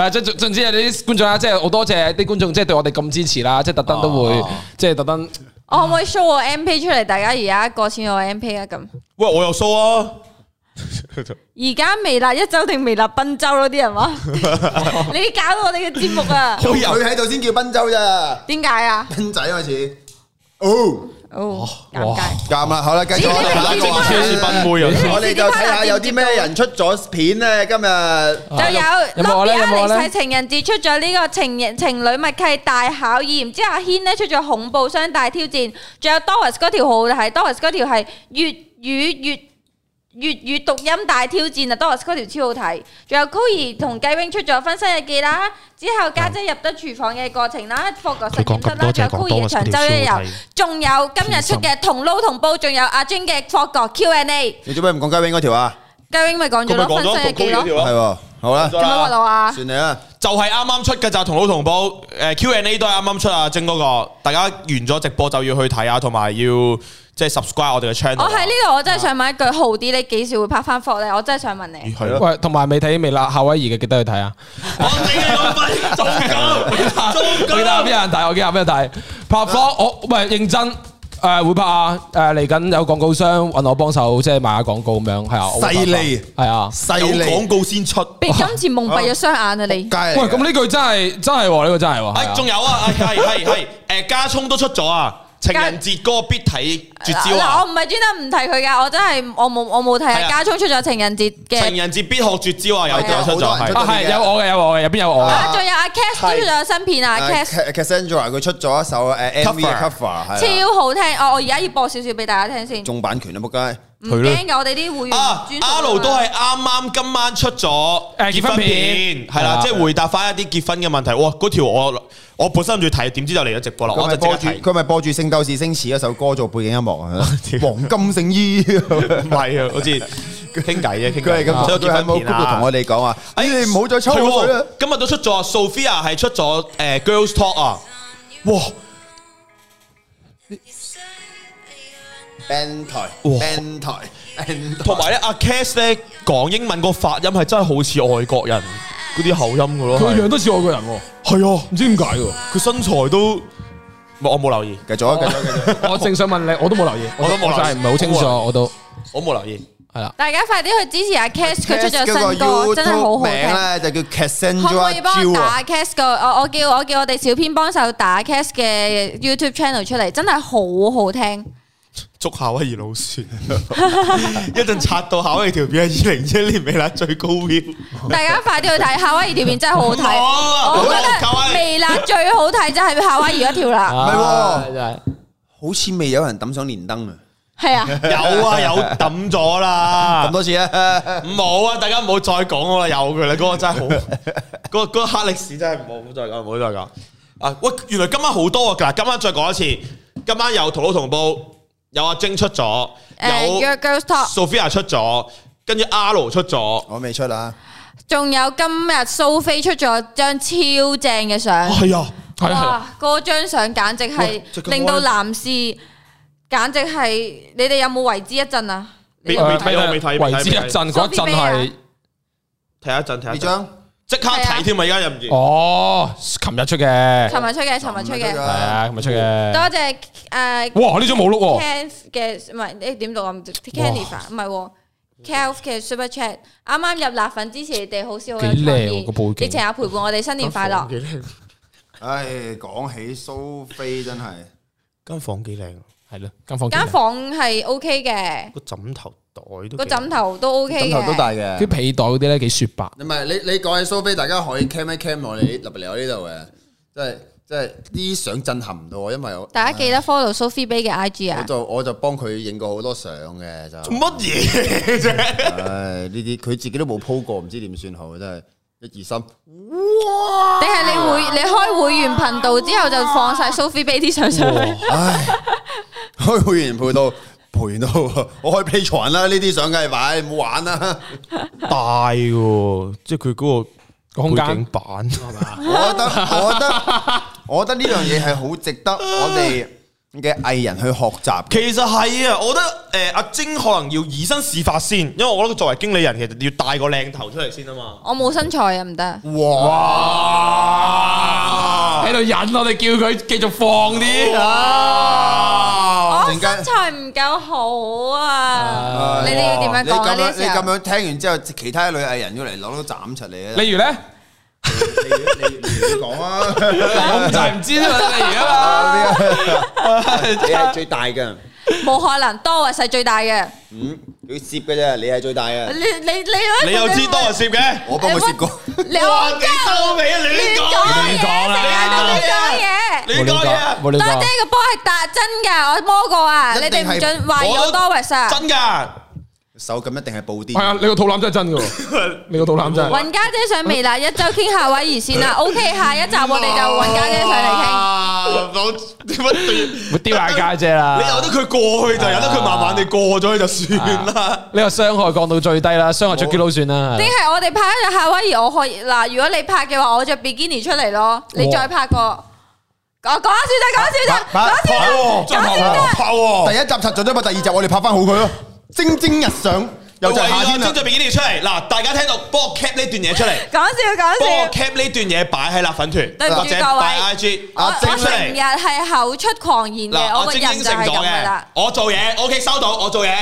啊，即係總之你啲觀眾啦，即係好多謝啲觀眾，即係對我哋咁支持啦，即係特登都會，即係、啊、特登。我可唔可以 show 個 M P 出嚟？大家而家個先有 M P 啊？咁喂，我又 show 啊。而家未立一周定未立奔周咯？啲人話， [LAUGHS] 你搞到我哋嘅節目啊！佢喺度先叫奔周啫，點解啊？奔仔開始，哦哦，尷尬，尷啦哇，尬好啦，繼續我，妹妹妹我哋就睇下有啲咩人出咗片呢？今日就有 Lobby 啊，情人節出咗呢個情人情侶默契大考驗，之後軒呢，出咗恐怖雙大挑戰，仲有 Doris 嗰條好就係 Doris 嗰條係粵語粵。粵語讀音大挑戰啊！多謝，嗰條超好睇，仲有 Koey 同雞 Wing 出咗分析日記啦，之後家姐，姐入得廚房嘅過程啦，霍哥實驗室啦，仲有 Koey 即係 subscribe 我哋嘅 channel。我喺呢度，我真係想問一句，好啲，你幾時會拍翻 vlog 咧？我真係想問你。係喂，同埋未睇未啦，夏威夷嘅記得去睇啊！我未咁快中獎，中獎。我記得邊日睇？我記得邊日睇？拍 vlog 我唔係認真誒，會拍啊誒，嚟緊有廣告商揾我幫手，即係賣下廣告咁樣，係啊。犀利係啊，犀利。有廣告先出。俾金錢蒙蔽咗雙眼啊！你。喂，咁呢句真係真係呢句真係。誒，仲有啊，係係係，誒，加蔥都出咗啊！情人節歌必睇絕招，我唔係專登唔睇佢噶，我真係我冇我冇睇啊！家聰出咗情人節嘅情人節必學絕招啊！有有出咗係，有我嘅有我嘅，有邊有我啊？仲有阿 Cass 出咗新片啊，Cassandra 佢出咗一首誒 MV cover 係超好聽哦！我而家要播少少俾大家聽先，中版權啊仆街！唔驚我哋啲會員啊阿 Lu 都係啱啱今晚出咗結婚片。係啦，即係回答翻一啲結婚嘅問題。哇，嗰條我我本身諗住睇，點知就嚟咗直播啦。我就住佢咪播住《聖鬥士星矢》一首歌做背景音樂啊，黃金聖衣，唔係啊，好似傾偈啫，傾偈咁。所以結婚片啊，同我哋講啊，哎，你唔好再抽我啦。今日都出咗，Sophia 係出咗誒，Girls Talk 啊，哇！Band 台，Band 台，Band 台，同埋咧，阿 Cass 咧講英文個發音係真係好似外國人嗰啲口音噶咯，佢樣都似外國人，係啊，唔知點解，佢身材都，我冇留意，繼續啊，繼續，我正想問你，我都冇留意，我都冇晒，唔係好清楚，我都，我冇留意，係啦，大家快啲去支持阿 Cass，佢出咗新歌，真係好好，名咧就叫 Cass，可唔可以幫我打 Cass 個，我我叫我叫我哋小編幫手打 Cass 嘅 YouTube channel 出嚟，真係好好聽。捉夏威夷老船，一陣刷到夏威夷條片，二零一一年微辣最高 view 大家快啲去睇 [LAUGHS] 夏威夷條片真，真係好好、啊、睇。我覺得微辣最好睇就係夏威夷一條啦，係、啊 [LAUGHS] 哦，好似未有人抌上連登啊！係啊，有啊，有抌咗啦，咁 [LAUGHS] 多次啦，冇 [LAUGHS] 啊！大家唔好再講啦，有佢啦，嗰、嗰個真係好，嗰嗰 [LAUGHS] 黑歷史真係唔好再講，唔好再講。啊，喂，原來今晚好多啊。嗱，今晚再講一次，今晚有同《同撈同煲。有阿晶出咗、uh, 有 Girls Talk，Sophia 出咗，跟住阿盧出咗，我未出，啦出啊。仲有今日蘇菲出咗張超正嘅相，係啊，哇，嗰張、啊、相簡直係令到男士簡直係，你哋有冇為之一振啊？你未睇，我未睇，為之一振嗰陣係睇一陣，睇一張。即刻睇添啊！而家入唔住。哦，琴日出嘅。琴日出嘅，琴日出嘅。係啊，琴日出嘅。多謝誒，哇！呢張冇碌。Cans 嘅唔係呢點讀啊 Candice 唔係 Calves 嘅 Super Chat。啱啱入辣粉之前，你哋好少好。幾靚喎個背景。你成日陪伴我哋新年快樂。唉，講起蘇菲真係間房幾靚。係咯，間房間房係 O K 嘅，個枕頭袋，都個枕頭都 O K，枕頭都大嘅，啲被袋嗰啲咧幾雪白。唔係你你講起 Sophie，大家可以 cam 一 cam 我哋特嚟我呢度嘅，即係即係啲相震撼唔到我，因為大家記得 follow Sophie Bay 嘅 I G 啊，我就我就幫佢影過好多相嘅就乜嘢啫，什 [LAUGHS] 唉呢啲佢自己都冇 po 過，唔知點算好真係一二三，1, 2, 3, 哇！定係你會你開會員頻道之後就放晒 Sophie Bay 啲相上去。開會員陪到，陪到，我開 P 床啦，呢啲相梗係唔好玩啦、啊，大喎、啊，即係佢嗰個背景板間，係嘛？我覺得，我覺得，我覺得呢樣嘢係好值得我哋嘅藝人去學習。其實係啊，我覺得誒阿、呃、晶可能要以身試法先，因為我覺得作為經理人，其實要帶個靚頭出嚟先啊嘛。我冇身材啊，唔得。哇！喺度忍我哋叫佢繼續放啲啊！身材唔夠好啊！啊你哋要點樣講呢、啊？你樣時，你咁樣聽完之後，其他女藝人要嚟攞到斬出嚟啊！例如咧，你你講啊，我唔知啊，例如啊你係最大㗎。冇可能，多或細最大嘅。嗯，佢攝嘅啫，你係最大嘅。你你你你又知多或攝嘅？我幫佢攝過。我交你亂講嘢，亂講嘢，亂講嘢。亂講嘢，我亂講。爹個波係打針嘅，我摸過啊。你哋唔准話有多或細。真噶。手感一定係暴啲。係啊，你個肚腩真係真嘅，你個肚腩真係。云家姐上未啦，一周傾夏威夷先啦。OK，下一集我哋就云家姐上嚟傾。我丟埋家姐啦！你由得佢過去就由得佢慢慢地過咗去就算啦。你個傷害降到最低啦，傷害最屌都算啦。定係我哋拍一集夏威夷，我可以嗱。如果你拍嘅話，我着 Bikini 出嚟咯。你再拍個，講講笑啫，講笑啫，第一集拍咗咁多，第二集我哋拍翻好佢咯。蒸蒸日上又話，我將張面影碟出嚟嗱，大家聽到幫我 keep 呢段嘢出嚟，講笑講笑，幫我 keep 呢段嘢擺喺辣粉團或者打 I G 阿晶出嚟，成日係口出狂言嘅， [MUSIC] 我個人就係咁嘅， [MUSIC] 我做嘢，OK 收到，我做嘢，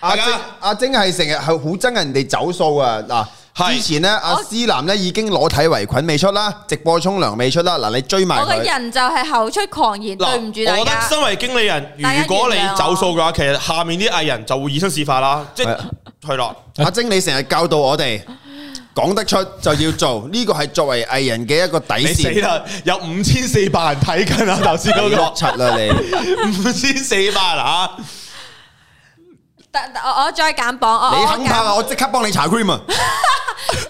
阿阿晶係成日係好憎人哋走數啊嗱。之前咧，阿思南咧已經裸體圍裙未出啦，直播沖涼未出啦，嗱，你追埋佢。我嘅人就係口出狂言，嘍對唔住大家。我覺得身為經理人，如果你走數嘅話，其實下面啲藝人就會以身試法啦，即係係啦。阿晶你成日教導我哋，講得出就要做，呢個係作為藝人嘅一個底線。你死啦！有五千四百人睇緊、那個、 [LAUGHS] 啊，頭先嗰個。七啦你，五千四百啊！我再減磅，我你肯拍啊？我即刻幫你查 cream 啊！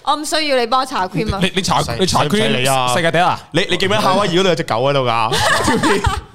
我唔需要你幫我查 cream 啊！你你查你查 cream 嚟啊！世界第一啊！你你點得吓啊？如果度有隻狗喺度噶，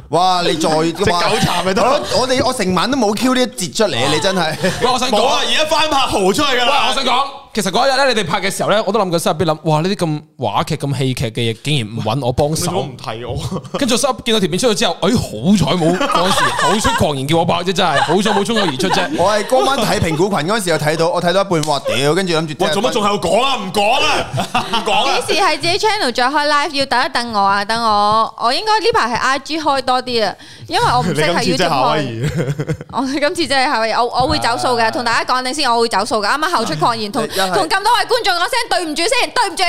哇！你再隻狗查咪得咯？我哋我成晚都冇 Q 呢一截出嚟，你真係。喂，我想講啊！而家翻拍豪出噶啦。喂，我想講。其實嗰日咧，你哋拍嘅時候咧，我都諗過心入邊諗，哇！呢啲咁話劇、咁戲劇嘅嘢，竟然唔揾我幫手，唔提我。跟住心見到條片出咗之後，哎，好彩冇嗰時，口出狂言叫我拍啫，真係好彩冇衝口而出啫。 [LAUGHS] 我係嗰晚睇評估群嗰時，有睇到，我睇到一半，哇屌！跟住諗住，哇做乜仲係我講啦，唔講啦，唔講、啊。幾、啊、 [LAUGHS] 時係自己 channel 再開 live？要等一等我啊，等我，我應該呢排係 I G 開多啲啦，因為我唔識係要點開、哦。我今次真係我我會走數嘅，同大家講你先，我會走數嘅。啱啱口出狂言同。 [LAUGHS] 同咁多位觀眾講聲對唔住先，對唔住。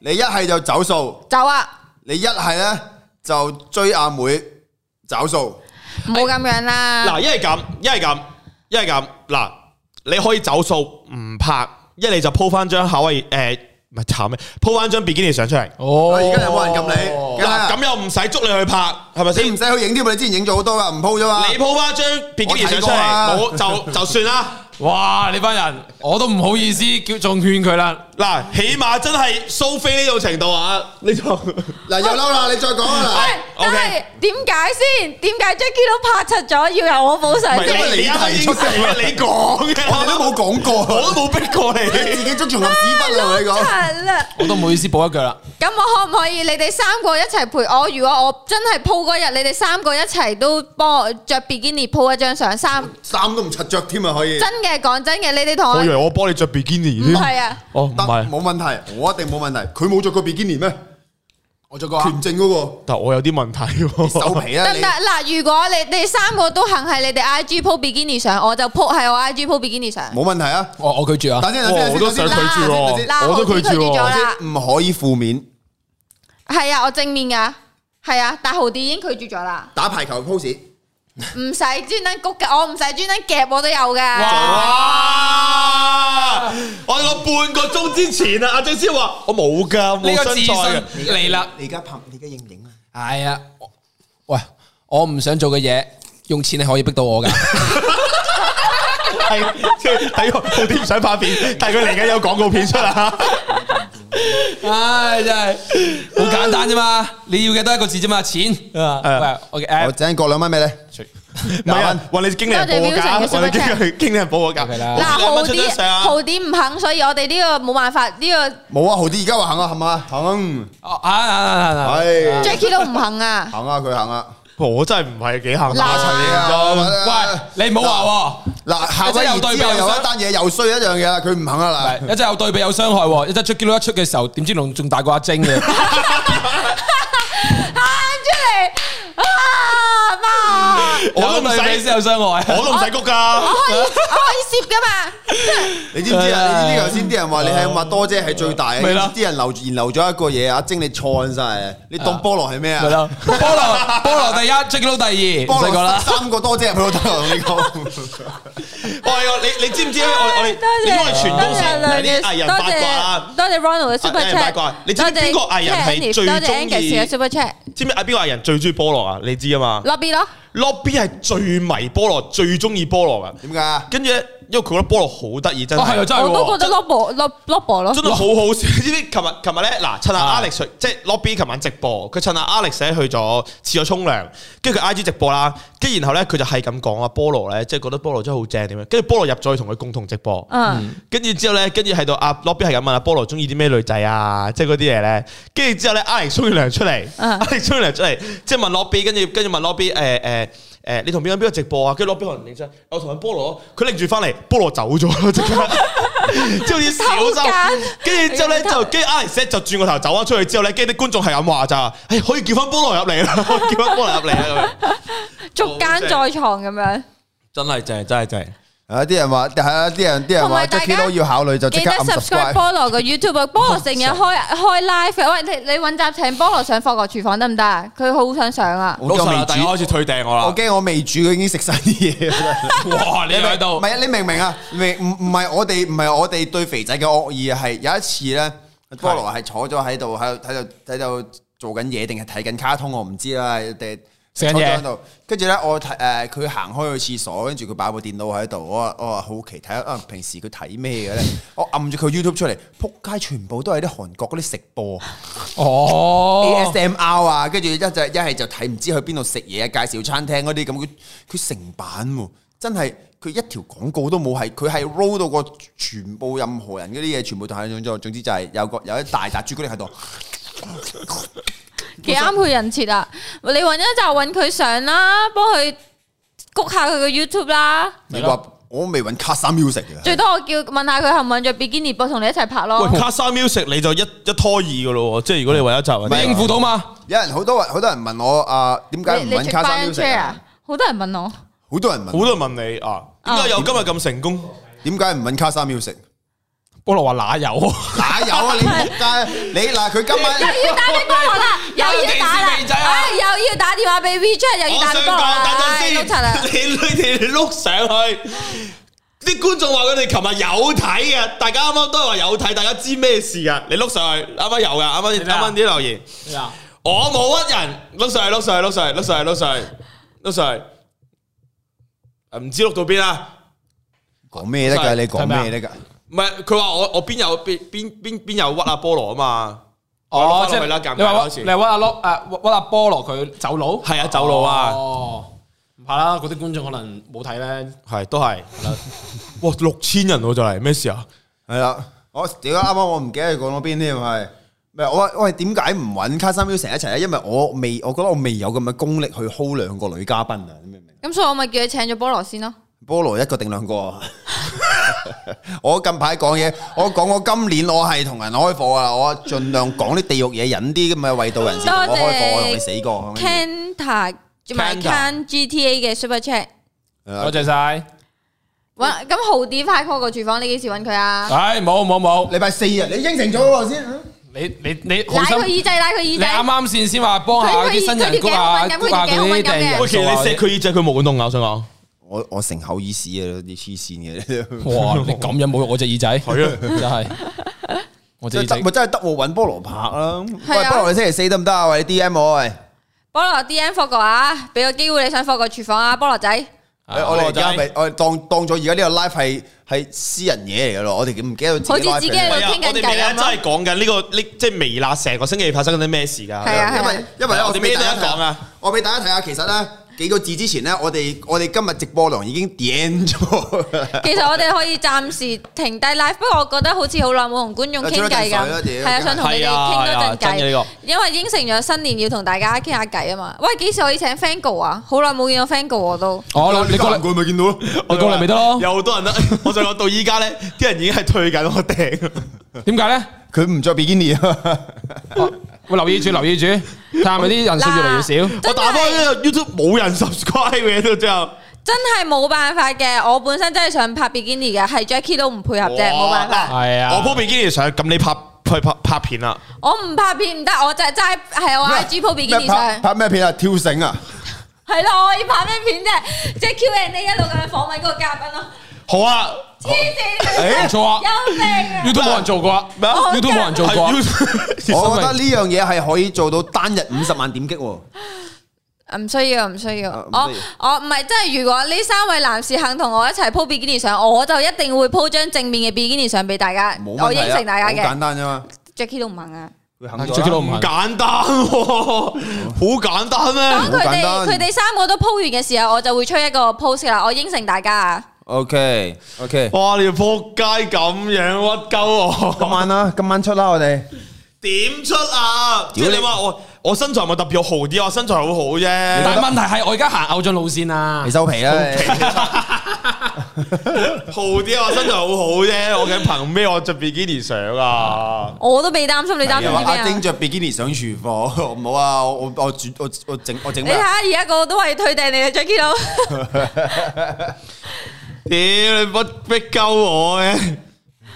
你一係就走數，走啊！你一係咧就追阿妹走數，唔好咁樣啦。嗱， [LAUGHS] 一係咁，一係咁，一係咁。嗱，你可以走數唔拍，你鋪一嚟就鋪翻張好誒，唔係慘嘅，鋪翻張比基尼相出嚟。哦，而家有冇人撳你。嗱，咁又唔使捉你去拍，係咪先？唔使去影添，你之前影咗好多噶，唔鋪咗。你鋪翻張比基尼相出嚟，冇就就,就算啦。 [LAUGHS] 哇！呢班人我都唔好意思叫仲勸佢啦。嗱，起碼真係蘇菲呢種程度啊！呢套嗱又嬲啦，你再講啊！嗱，但係，點解先？點解 Jacky 都拍柒咗，要由我補上？唔係你提出聲啊！你講嘅啦，我都冇講過，我都冇逼過你，你自己捉住個屎忽啊！你講，我都唔好意思補一句啦。咁我可唔可以？你哋三個一齊陪我。如果我真係 po 嗰日，你哋三個一齊都幫我著 bikini po 一張相，衫衫都唔柒著添啊！可以真嘅，講真嘅，你哋同我以為我幫你著 bikini，係啊，哦。係冇問題，我一定冇問題。佢冇着過 Bikini 咩？我着過全正嗰個，但我有啲問題。收皮啦！得唔得？嗱，如果你你三個都行係你哋 I G po 比基尼上，我就 po 喺我 I G po 比基尼上。冇問題啊，我我拒絕啊。等陣等陣先，我都想拒絕咯。我都拒絕咯。唔可以負面。係啊，我正面噶，係啊。大豪 Dee 已經拒絕咗啦。打排球 pose 唔使專登谷嘅，我唔使專登夾，我都有嘅。我我半個鐘之前啊，阿晶先話我冇噶，冇身材嚟啦，你而家拍，你而家影唔影啊，係啊、哎，喂，我唔想做嘅嘢，用錢你可以逼到我噶，係即係，佢好啲唔想拍片，但係佢嚟緊有廣告片出嚟！唉、 [LAUGHS] 哎，真係好簡單啫嘛，你要嘅都一個字啫嘛，錢，的喂，OK，我真係過兩蚊畀你！喂，喂，你經理人，我經佢經理報價啦。嗱，豪 Dee，豪 Dee 唔肯，所以我哋呢個冇辦法，呢個冇啊，豪 Dee 而家話肯啊，係嘛？肯，係 Jacky 都唔肯啊，肯啊，佢肯啊，我真係唔係幾肯。嗱，陳燕忠，喂，你唔好話喎，嗱，一陣有對比，有一單嘢，又衰一樣嘢啦，佢唔肯啊，嗱，一陣有對比有傷害，一陣出 Jacky 一出嘅時候，點知龍仲大過阿晶嘅。我都唔使先有傷害，我都唔使谷㗎， [LAUGHS] 我可以，我可以攝噶嘛。你知唔知啊？你知唔知頭先啲人話你係話多姐係最大嘅？啲人留言留咗一個嘢啊！阿晶你錯晒，你當菠蘿係咩啊？菠蘿菠蘿第一 Jacky 第二，唔使講啦，三個多姐入去都第一呢個。我你你知唔知？我我呢啲係全都是啲藝人八卦啊！多謝 Ronald 嘅 Super Chat，你知邊個藝人係最中意 Super Chat？知唔知阿邊個藝人最中意菠蘿啊？你知啊嘛？Lobby 咯，Lobby 係最迷菠蘿，最中意菠蘿噶。點解？跟住。因為佢覺得菠蘿好得意，真係、哦、我都覺得洛博洛咯，真係好好笑。知唔知？琴日琴日咧，嗱，趁阿、啊、Alex 是的 即係 Lobby 琴晚直播，佢趁阿、啊、Alex 去咗廁所沖涼，跟住佢 I G 直播啦。跟住然後咧，佢就係咁講啊，菠蘿咧，即係覺得菠蘿真係好正點樣。跟住菠蘿入咗去同佢共同直播，跟住之後咧，跟住喺度阿 Lobby 係咁問阿菠蘿中意啲咩女仔啊，即係嗰啲嘢咧。跟住之後咧，Alex 沖完涼出嚟，Alex 沖完涼出嚟，即係是的 [LAUGHS] 問 Lobby，跟住跟住問 Lobby 誒誒。呃誒，你同邊個邊個直播哈哈游啊？跟住攞邊個人影相，我同阿菠蘿，佢拎住翻嚟，菠蘿走咗，即刻，好似小生，跟住之後咧就，跟阿 Sir 就轉個頭走咗出去，之後咧，跟啲觀眾係咁話咋、哎，可以叫翻菠蘿入嚟啦，哈哈可以叫翻菠蘿入嚟咁啊， [LAUGHS] 後捉奸在床咁樣很棒 的，真係正，真係正。有啲人話，係啊！啲人啲人話，即係見要考慮就即刻咁快。而家 subscribe 菠蘿個 YouTube，菠蘿成日開開 live。喂，你你搵集請菠蘿上課個廚房得唔得啊？佢好想上啊！老細突然開始退訂我啦，我驚我未煮佢已經食晒啲嘢。 [LAUGHS] 哇！你喺度？唔係你明唔明，明啊？未唔唔係我哋唔係我哋對肥仔嘅惡意係有一次咧，菠蘿係坐咗喺度喺度喺度喺度做緊嘢定係睇緊卡通我唔知啦。定度，跟住咧，我睇誒佢行開去廁所，跟住佢擺部電腦喺度，我我好奇睇下，啊，平時佢睇咩嘅咧？ [LAUGHS] 我撳住佢 YouTube 出嚟，撲街，全部都係啲韓國嗰啲食播， [LAUGHS] 哦，ASMR 啊，跟住一隻一係就睇唔知去邊度食嘢，介紹餐廳嗰啲咁，佢佢成版喎，真係佢一條廣告都冇，係佢係 roll 到個全部任何人嗰啲嘢，全部睇下做，總之就係有個有一大笪朱古力喺度。 [LAUGHS] 幾啱配人設啊！你揾一集揾佢上啦，幫佢谷下佢個 YouTube 啦。你話咯咯我未揾卡三 music？對最多我叫問下佢係咪着 bikini 幫同你一齊拍咯。喂，卡三 music 你就一一拖二噶咯，即係如果你揾一集應付到嘛？有人好多人，好多人問我啊，點解唔揾卡三 music？好多人問我，好多人問啊，好多，多人問你啊，點解有今日咁成功？點解唔揾卡三 music？菠蘿話哪有啊，哪有啊！你但係你嗱，佢今晚又要打俾菠蘿啦，又要打啦，哎，又要打電話俾 WeChat，又要打波啦，老陳啊！你你哋碌上去，啲觀眾話佢哋琴日有睇啊！大家啱啱都係話有睇，大家知咩事啊？你碌上去，啱啱有噶，啱啱啲啱啱啲留言，我冇屈人碌上去，碌上去，碌上去，碌上去，碌上去，碌上去，唔知碌到邊啊？講咩得？噶你講咩得？噶？唔係佢話我我邊有邊邊邊邊有屈阿菠蘿啊嘛，我攞翻去啦，你話你話屈阿碌屈阿菠蘿佢走佬？係啊走佬啊，啊哦，唔怕啦，嗰啲觀眾可能冇睇咧，係都係，啊、 [LAUGHS] 哇六千人我就嚟咩事啊，係啊 [LAUGHS] ，我點解啱啱我唔記得講到邊添係，唔係我喂點解唔揾卡三喵成一齊咧？因為我未我覺得我未有咁嘅功力去 hold 兩個女嘉賓啊，你明唔明？咁所以我咪叫佢請咗菠蘿先咯，菠蘿一個定兩個。 [LAUGHS] [LAUGHS] 我近排講嘢，我講我今年我係同人開火啊，我盡量講啲地獄嘢，引啲咁嘅衛道人士同我開火，我同你死過。Canta，仲埋 c a n GTA 嘅 Super Chat，多謝晒。搵咁豪 Dee 派課個廚房，你幾時搵佢啊？唉、哎，冇冇冇，禮拜四啊，你應承咗我先。你你你，拉佢耳仔，拉佢耳仔，啱啱先先話幫下啲新人工啊，工價嗰啲定人。喂，其實你佢耳仔，佢冇動咬想講。我我成口耳屎啊！你黐線嘅，哇！你咁樣冇用我隻耳仔，係啊，真係我真係得，我搵菠蘿拍啦。喂，菠蘿，你星期四得唔得啊？或者 DM 我喂，菠蘿 DM 放個啊，俾個機會你想放個廚房啊，菠蘿仔。誒，我哋而家咪我當當咗而家呢個 live 係係私人嘢嚟噶咯，我哋唔記得自己。好似自己喺度傾緊偈啊！真係講緊呢個呢，即係微辣，成個星期發生緊啲咩事噶？係啊，因為因為我哋咩都講啊，我俾大家睇下，其實咧。幾個字之前咧，我哋我哋今日直播廊已經點咗。其實我哋可以暫時停低 live，不過我覺得好似好耐冇同觀眾傾偈咁。係啊，想同你哋傾多陣偈。因為應承咗新年要同大家傾下偈啊嘛。喂，幾時可以請霍哥啊？好耐冇見過霍哥我都。哦，你過嚟咪見到咯，你過嚟咪得咯。有好多人啦，我就講到依家咧，啲人已經係退緊我訂。點解咧？佢唔着比基尼、 [LAUGHS] 哦，我留意住留意住，但係啲人數越嚟越少。啊、我打開 YouTube 冇人 subscribe 到最後，真係冇辦法嘅。我本身真係想拍比基尼嘅，係 Jacky 都唔配合啫，冇哇辦法。係啊，我鋪比基尼上，咁你拍去拍拍片啦？我唔拍片唔得，我就真係係我 IG 鋪比基尼上。拍咩片啊？跳繩啊？係咯，我要拍咩片啫？即係 Q&A 一路咁樣訪問嗰個嘉賓咯。好啊，唔錯啊，YouTube 冇人做過，YouTube 冇人做過，我覺得呢樣嘢係可以做到單日五十萬點擊。唔需要，啊，唔需要，我我唔係即係，如果呢三位男士肯同我一齊 po i n i 相，我就一定會 po 張正面嘅 B i n i 相俾大家，我應承大家嘅。簡單啫嘛 j a c k i e 都唔肯啊 j a c k i e 都唔簡單，好簡單咩？當佢哋佢哋三個都 p 完嘅時候，我就會出一個 p o s e 啦，我應承大家啊。O K O K，哇，你個扑街咁樣屈鳩，今晚啦，今晚出啦我哋點出啊？屌你話我我身材咪特別好啲啊？我身材好好啫。但係問題係我而家行偶像路線啊，你收皮啦！好啲啊，我身材好好啫，我驚憑咩我着 Bikini 上啊？我都未擔心你擔心拎着 Bikini 上廚房，唔好啊！我我我我整我整，你睇下而家個個都係退訂，你着幾多？屌，你唔逼鳩我啊，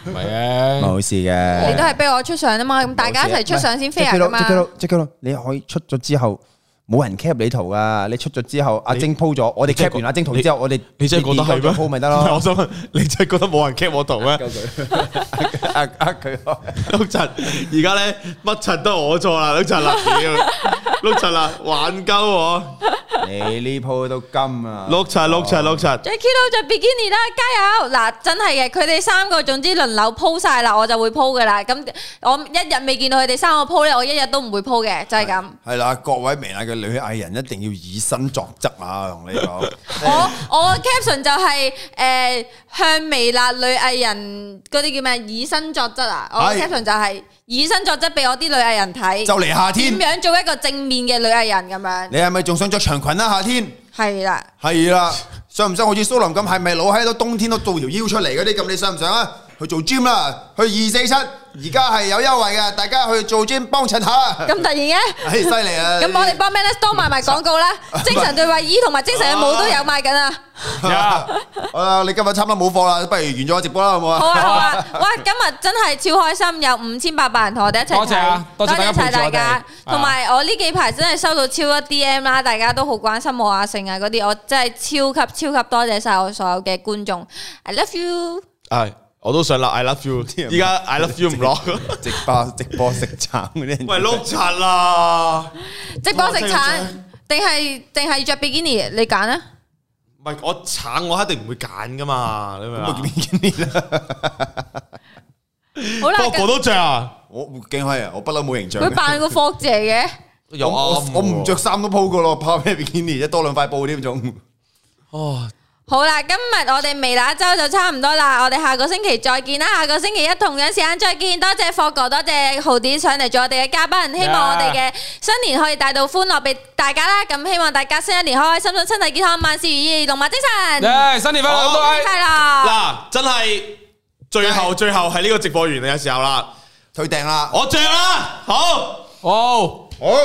唔係啊，冇事嘅，你都係逼我出相啊嘛，咁事大家一齊出相先飛啊嘛，即刻咯，即刻咯，你可以出咗之後。冇人 cap 入你圖啊，你出咗之，你 之後，阿晶鋪咗，我哋 cap 完阿晶圖之後，你 我哋你真係覺得係咩鋪咪得咯？我，啊、我想問，你真係覺得冇人 cap 我圖咩？阿阿佢，碌、嗯、柒，而家咧乜柒都係我錯啦，碌柒啦，碌柒啦，玩、嗯、鳩 [LAUGHS] 我，你呢鋪都金啊，碌柒碌柒碌柒。Jacky 碌柒比基尼啦，加油！嗱、啊，真係嘅，佢哋三個總之輪流鋪晒啦，我就會鋪噶啦。咁我一日未見到佢哋三個鋪咧，我一日都唔會鋪嘅，就係、是、咁。係啦，各位明啦。女藝人一定要以身作則啊！我同你講， [LAUGHS] 我我 caption 就係、是、誒、呃、向微辣女藝人嗰啲叫咩以身作則啊！是我 caption 就係、是、以身作則俾我啲女藝人睇，就嚟夏天點樣做一個正面嘅女藝人咁樣？你係咪仲想着長裙啊？夏天係啦，係啦， [LAUGHS] 想唔想好似蘇林咁？係咪老喺度冬天都做條腰出嚟嗰啲咁？你想唔想啊？去做 gym 啦，去二四七，而家係有優惠嘅，大家去做 gym 幫襯下。咁突然嘅，係犀利啊！咁我哋幫咩咧？多賣埋廣告啦，精神對衛衣同埋精神嘅帽都有賣緊啊！有好啦，你今日差唔多冇貨啦，不如完咗直播啦，好唔好啊？好啊好啊！哇，今日真係超開心，有五千八百人同我哋一齊睇，多謝啊，多謝大家，多謝大家。同埋我呢幾排真係收到超多 DM 啦，大家都好關心我阿盛啊嗰啲，我真係超級超級多謝晒我所有嘅觀眾，I love you。係。我都想 l I love you，依家 I love you 唔落直。'm 直播直播食橙，啲喂，碌柒啦！直播食橙，定係定係着 Bikini 你揀咧？唔係我橙我一定唔會揀噶嘛，你明 [LAUGHS] 好啦， [LAUGHS] 我都着啊，我鏡開啊，我不嬲冇形象。佢扮個霍姐嘅，有我唔着衫都 po 過咯，怕咩 Bikini 啫，多兩塊布添仲。哦。 [LAUGHS] 好啦，今日我哋微辣一周就差唔多啦，我哋下個星期再見啦，下個星期一同樣時間再見，多謝霍哥，多謝豪 Dee 上嚟做我哋嘅嘉賓，希望我哋嘅新年可以帶到歡樂俾大家啦，咁希望大家新一年開開心心，身體健康，萬事如意，龍馬精神。Yeah, 新年快樂！好，真係啦。嗱、啊，真係最後是最後係呢個直播完嘅時候啦，退訂啦，我着啦，好，哦、好，好，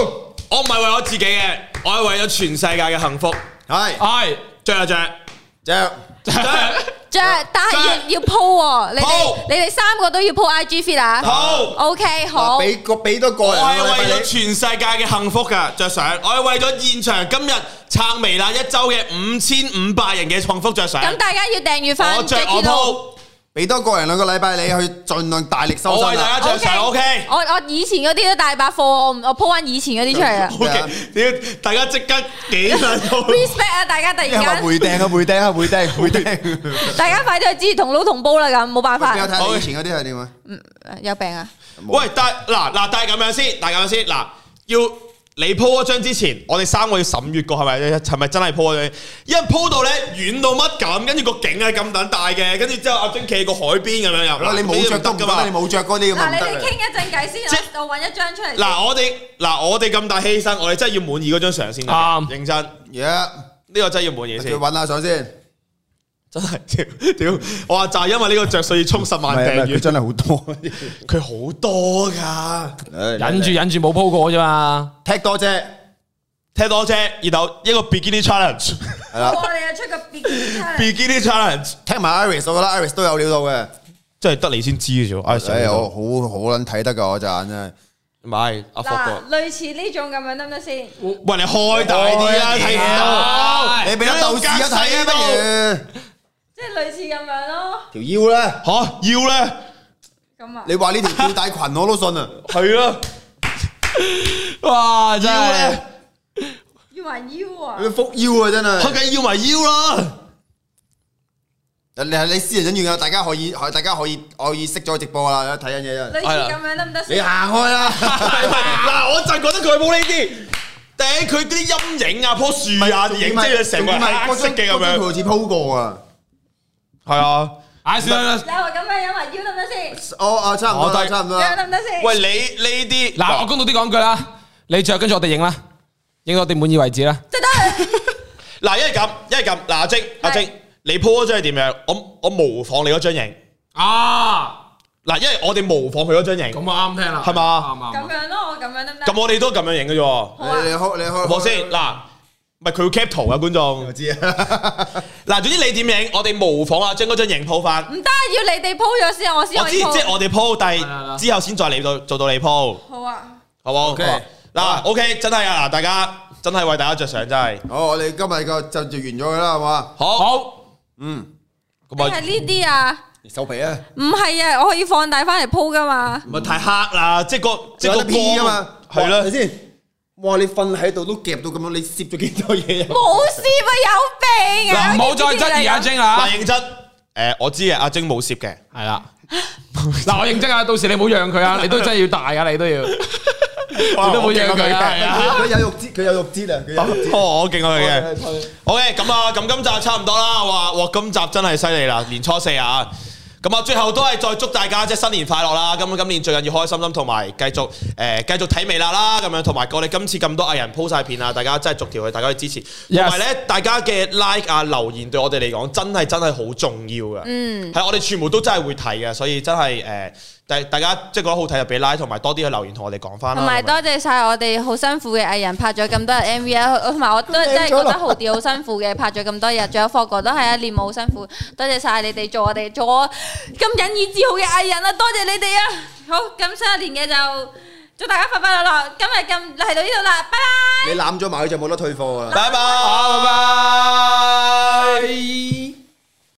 我唔係為我自己嘅，我係為咗全世界嘅幸福，係，係着就着。是着着但係人要鋪，你哋你哋三個都要鋪 I G fit 啊！好 O K，好，俾個俾多個人，我係為咗全世界嘅幸福噶着想，我係為咗現場今日撐微辣一周嘅五千五百人嘅幸福着想。咁大家要訂閱返，我着我鋪。俾多個人，兩個禮拜你去盡量大力收收啦，大家漲晒，O K。我我以前嗰啲都大把貨，我我 po 翻以前嗰啲出嚟啊。O K，大家即刻幾多 Respect 啊！大家突然間，梅釘啊梅釘啊梅釘梅釘。 [LAUGHS] [LAUGHS] 大家快啲去支持同老同煲啦！咁冇辦法。Okay, 我以前嗰啲係點啊？嗯，有病啊！喂，但但大嗱嗱大咁樣先，大咁樣先嗱要。你 po 嗰張之前，我哋三個要審閱過係咪？係咪真係 po 咗？因為 po 到咧遠到乜咁，跟住個景係咁等大嘅，跟住之後阿正企個海邊咁樣入。嗱，你冇着得噶嘛？你冇着嗰啲咁。你哋傾一陣偈先，我我搵一張出嚟。嗱，我哋嗱我哋咁大犧牲，我哋真係要滿意嗰張相先。啱，啊，認真。耶，呢個真係要滿意先。搵下相先。真係，屌！我話就係因為呢個着數要充十萬訂閱，真係好多，佢好多噶，忍住忍住冇鋪過啫嘛，踢多啫，踢多啫，然後一個 Bikini Challenge，我哋又出個 Bikini Challenge，踢埋 Iris，我覺得 Iris 都有料到嘅，即係得你先知嘅啫，哎呀，好好捻睇得噶我隻眼真係，唔係，嗱，類似呢種咁樣得唔得先？喂，你開大啲啦，睇到，你俾粒豆子一睇啊，不如。類似咁樣咯，條腰咧吓腰咧，咁啊！你話呢條吊帶裙我都信啊，係咯，哇！腰咧，腰埋腰啊，腹腰啊，真係，仆緊腰埋腰啦！誒，你係你私人影院啊？大家可以，可大家可以，可以熄咗直播啦，睇緊嘢啦，係啦。咁樣得唔得？你行開啦，嗱，我就係覺得佢冇呢啲，頂佢啲陰影啊，棵樹啊影，即係成個黑色嘅咁樣，佢好似鋪過啊。係啊，唉，算啦，有冇咁樣飲埋腰得唔得先？我啊差唔多，差唔多，得唔得先？喂，你呢啲嗱，我公道啲講句啦，你最後跟住我哋影啦，影到我哋滿意為止啦，得得。嗱，因為咁，因為咁，嗱阿晶阿晶，你 po 嗰張係點樣？我我模仿你嗰張型啊！嗱，因為我哋模仿佢嗰張型，咁啊啱聽啦，係嘛？係嘛？咁樣咯，我咁樣得唔得？咁我哋都咁樣影嘅啫，你你好你好，我先嗱。唔係佢要 cap 圖啊，觀眾。我知啊，嗱，總之你點影，我哋模仿啊，將嗰張型鋪翻。唔得，要你哋鋪咗先，我先。我知，即係我哋鋪第，之後先再嚟到做到你鋪。好啊，好冇？嗱，ok，真係啊，嗱，大家真係為大家着想，真係。好，我哋今日個就就完咗佢啦，係嘛？好，嗯，咁啊，係呢啲啊，你收皮啊，唔係啊，我可以放大翻嚟鋪噶嘛。唔係太黑啦，即係個即係個光啊嘛，係咯，先。哇！你瞓喺度都夾到咁樣，你攝咗幾多嘢？冇攝，啊，有病啊！嗱，唔好再質疑阿晶啊！嗱，認真，誒，我知啊，阿晶冇攝嘅，係啦。嗱，我認真啊，到時你唔好讓佢啊，你都真係要大啊！你都要。你都唔好讓佢啊！佢有肉痣，佢有肉痣啊！我見過佢嘅。OK，咁啊，咁今集差唔多啦。哇哇，今集真係犀利啦！年初四啊。咁啊，最後都係再祝大家即係新年快樂啦！咁啊，今年最緊要開開心心，同埋繼續誒，繼、呃、續睇微辣啦咁樣，同埋我哋今次咁多藝人鋪晒片啊，大家真係逐條去，大家去支持，同埋咧，大家嘅 like 啊留言對我哋嚟講真係真係好重要㗎，嗯，係我哋全部都真係會睇嘅，所以真係誒。呃第大家即係覺得好睇就俾 like，同埋多啲去留言同我哋講翻啦。同埋多謝曬我哋好辛苦嘅藝人拍咗咁多日 MV 啦，同埋我都真係覺得豪 Dee，好辛苦嘅拍咗咁多日，仲有霍哥都係一年冇辛苦，多謝曬你哋做我哋做咁引以自豪嘅藝人啦，多謝你哋啊！好咁，新一年嘅就祝大家快快樂樂，今日咁嚟到呢度啦，拜拜。你攬咗埋就冇得退貨啊！拜拜。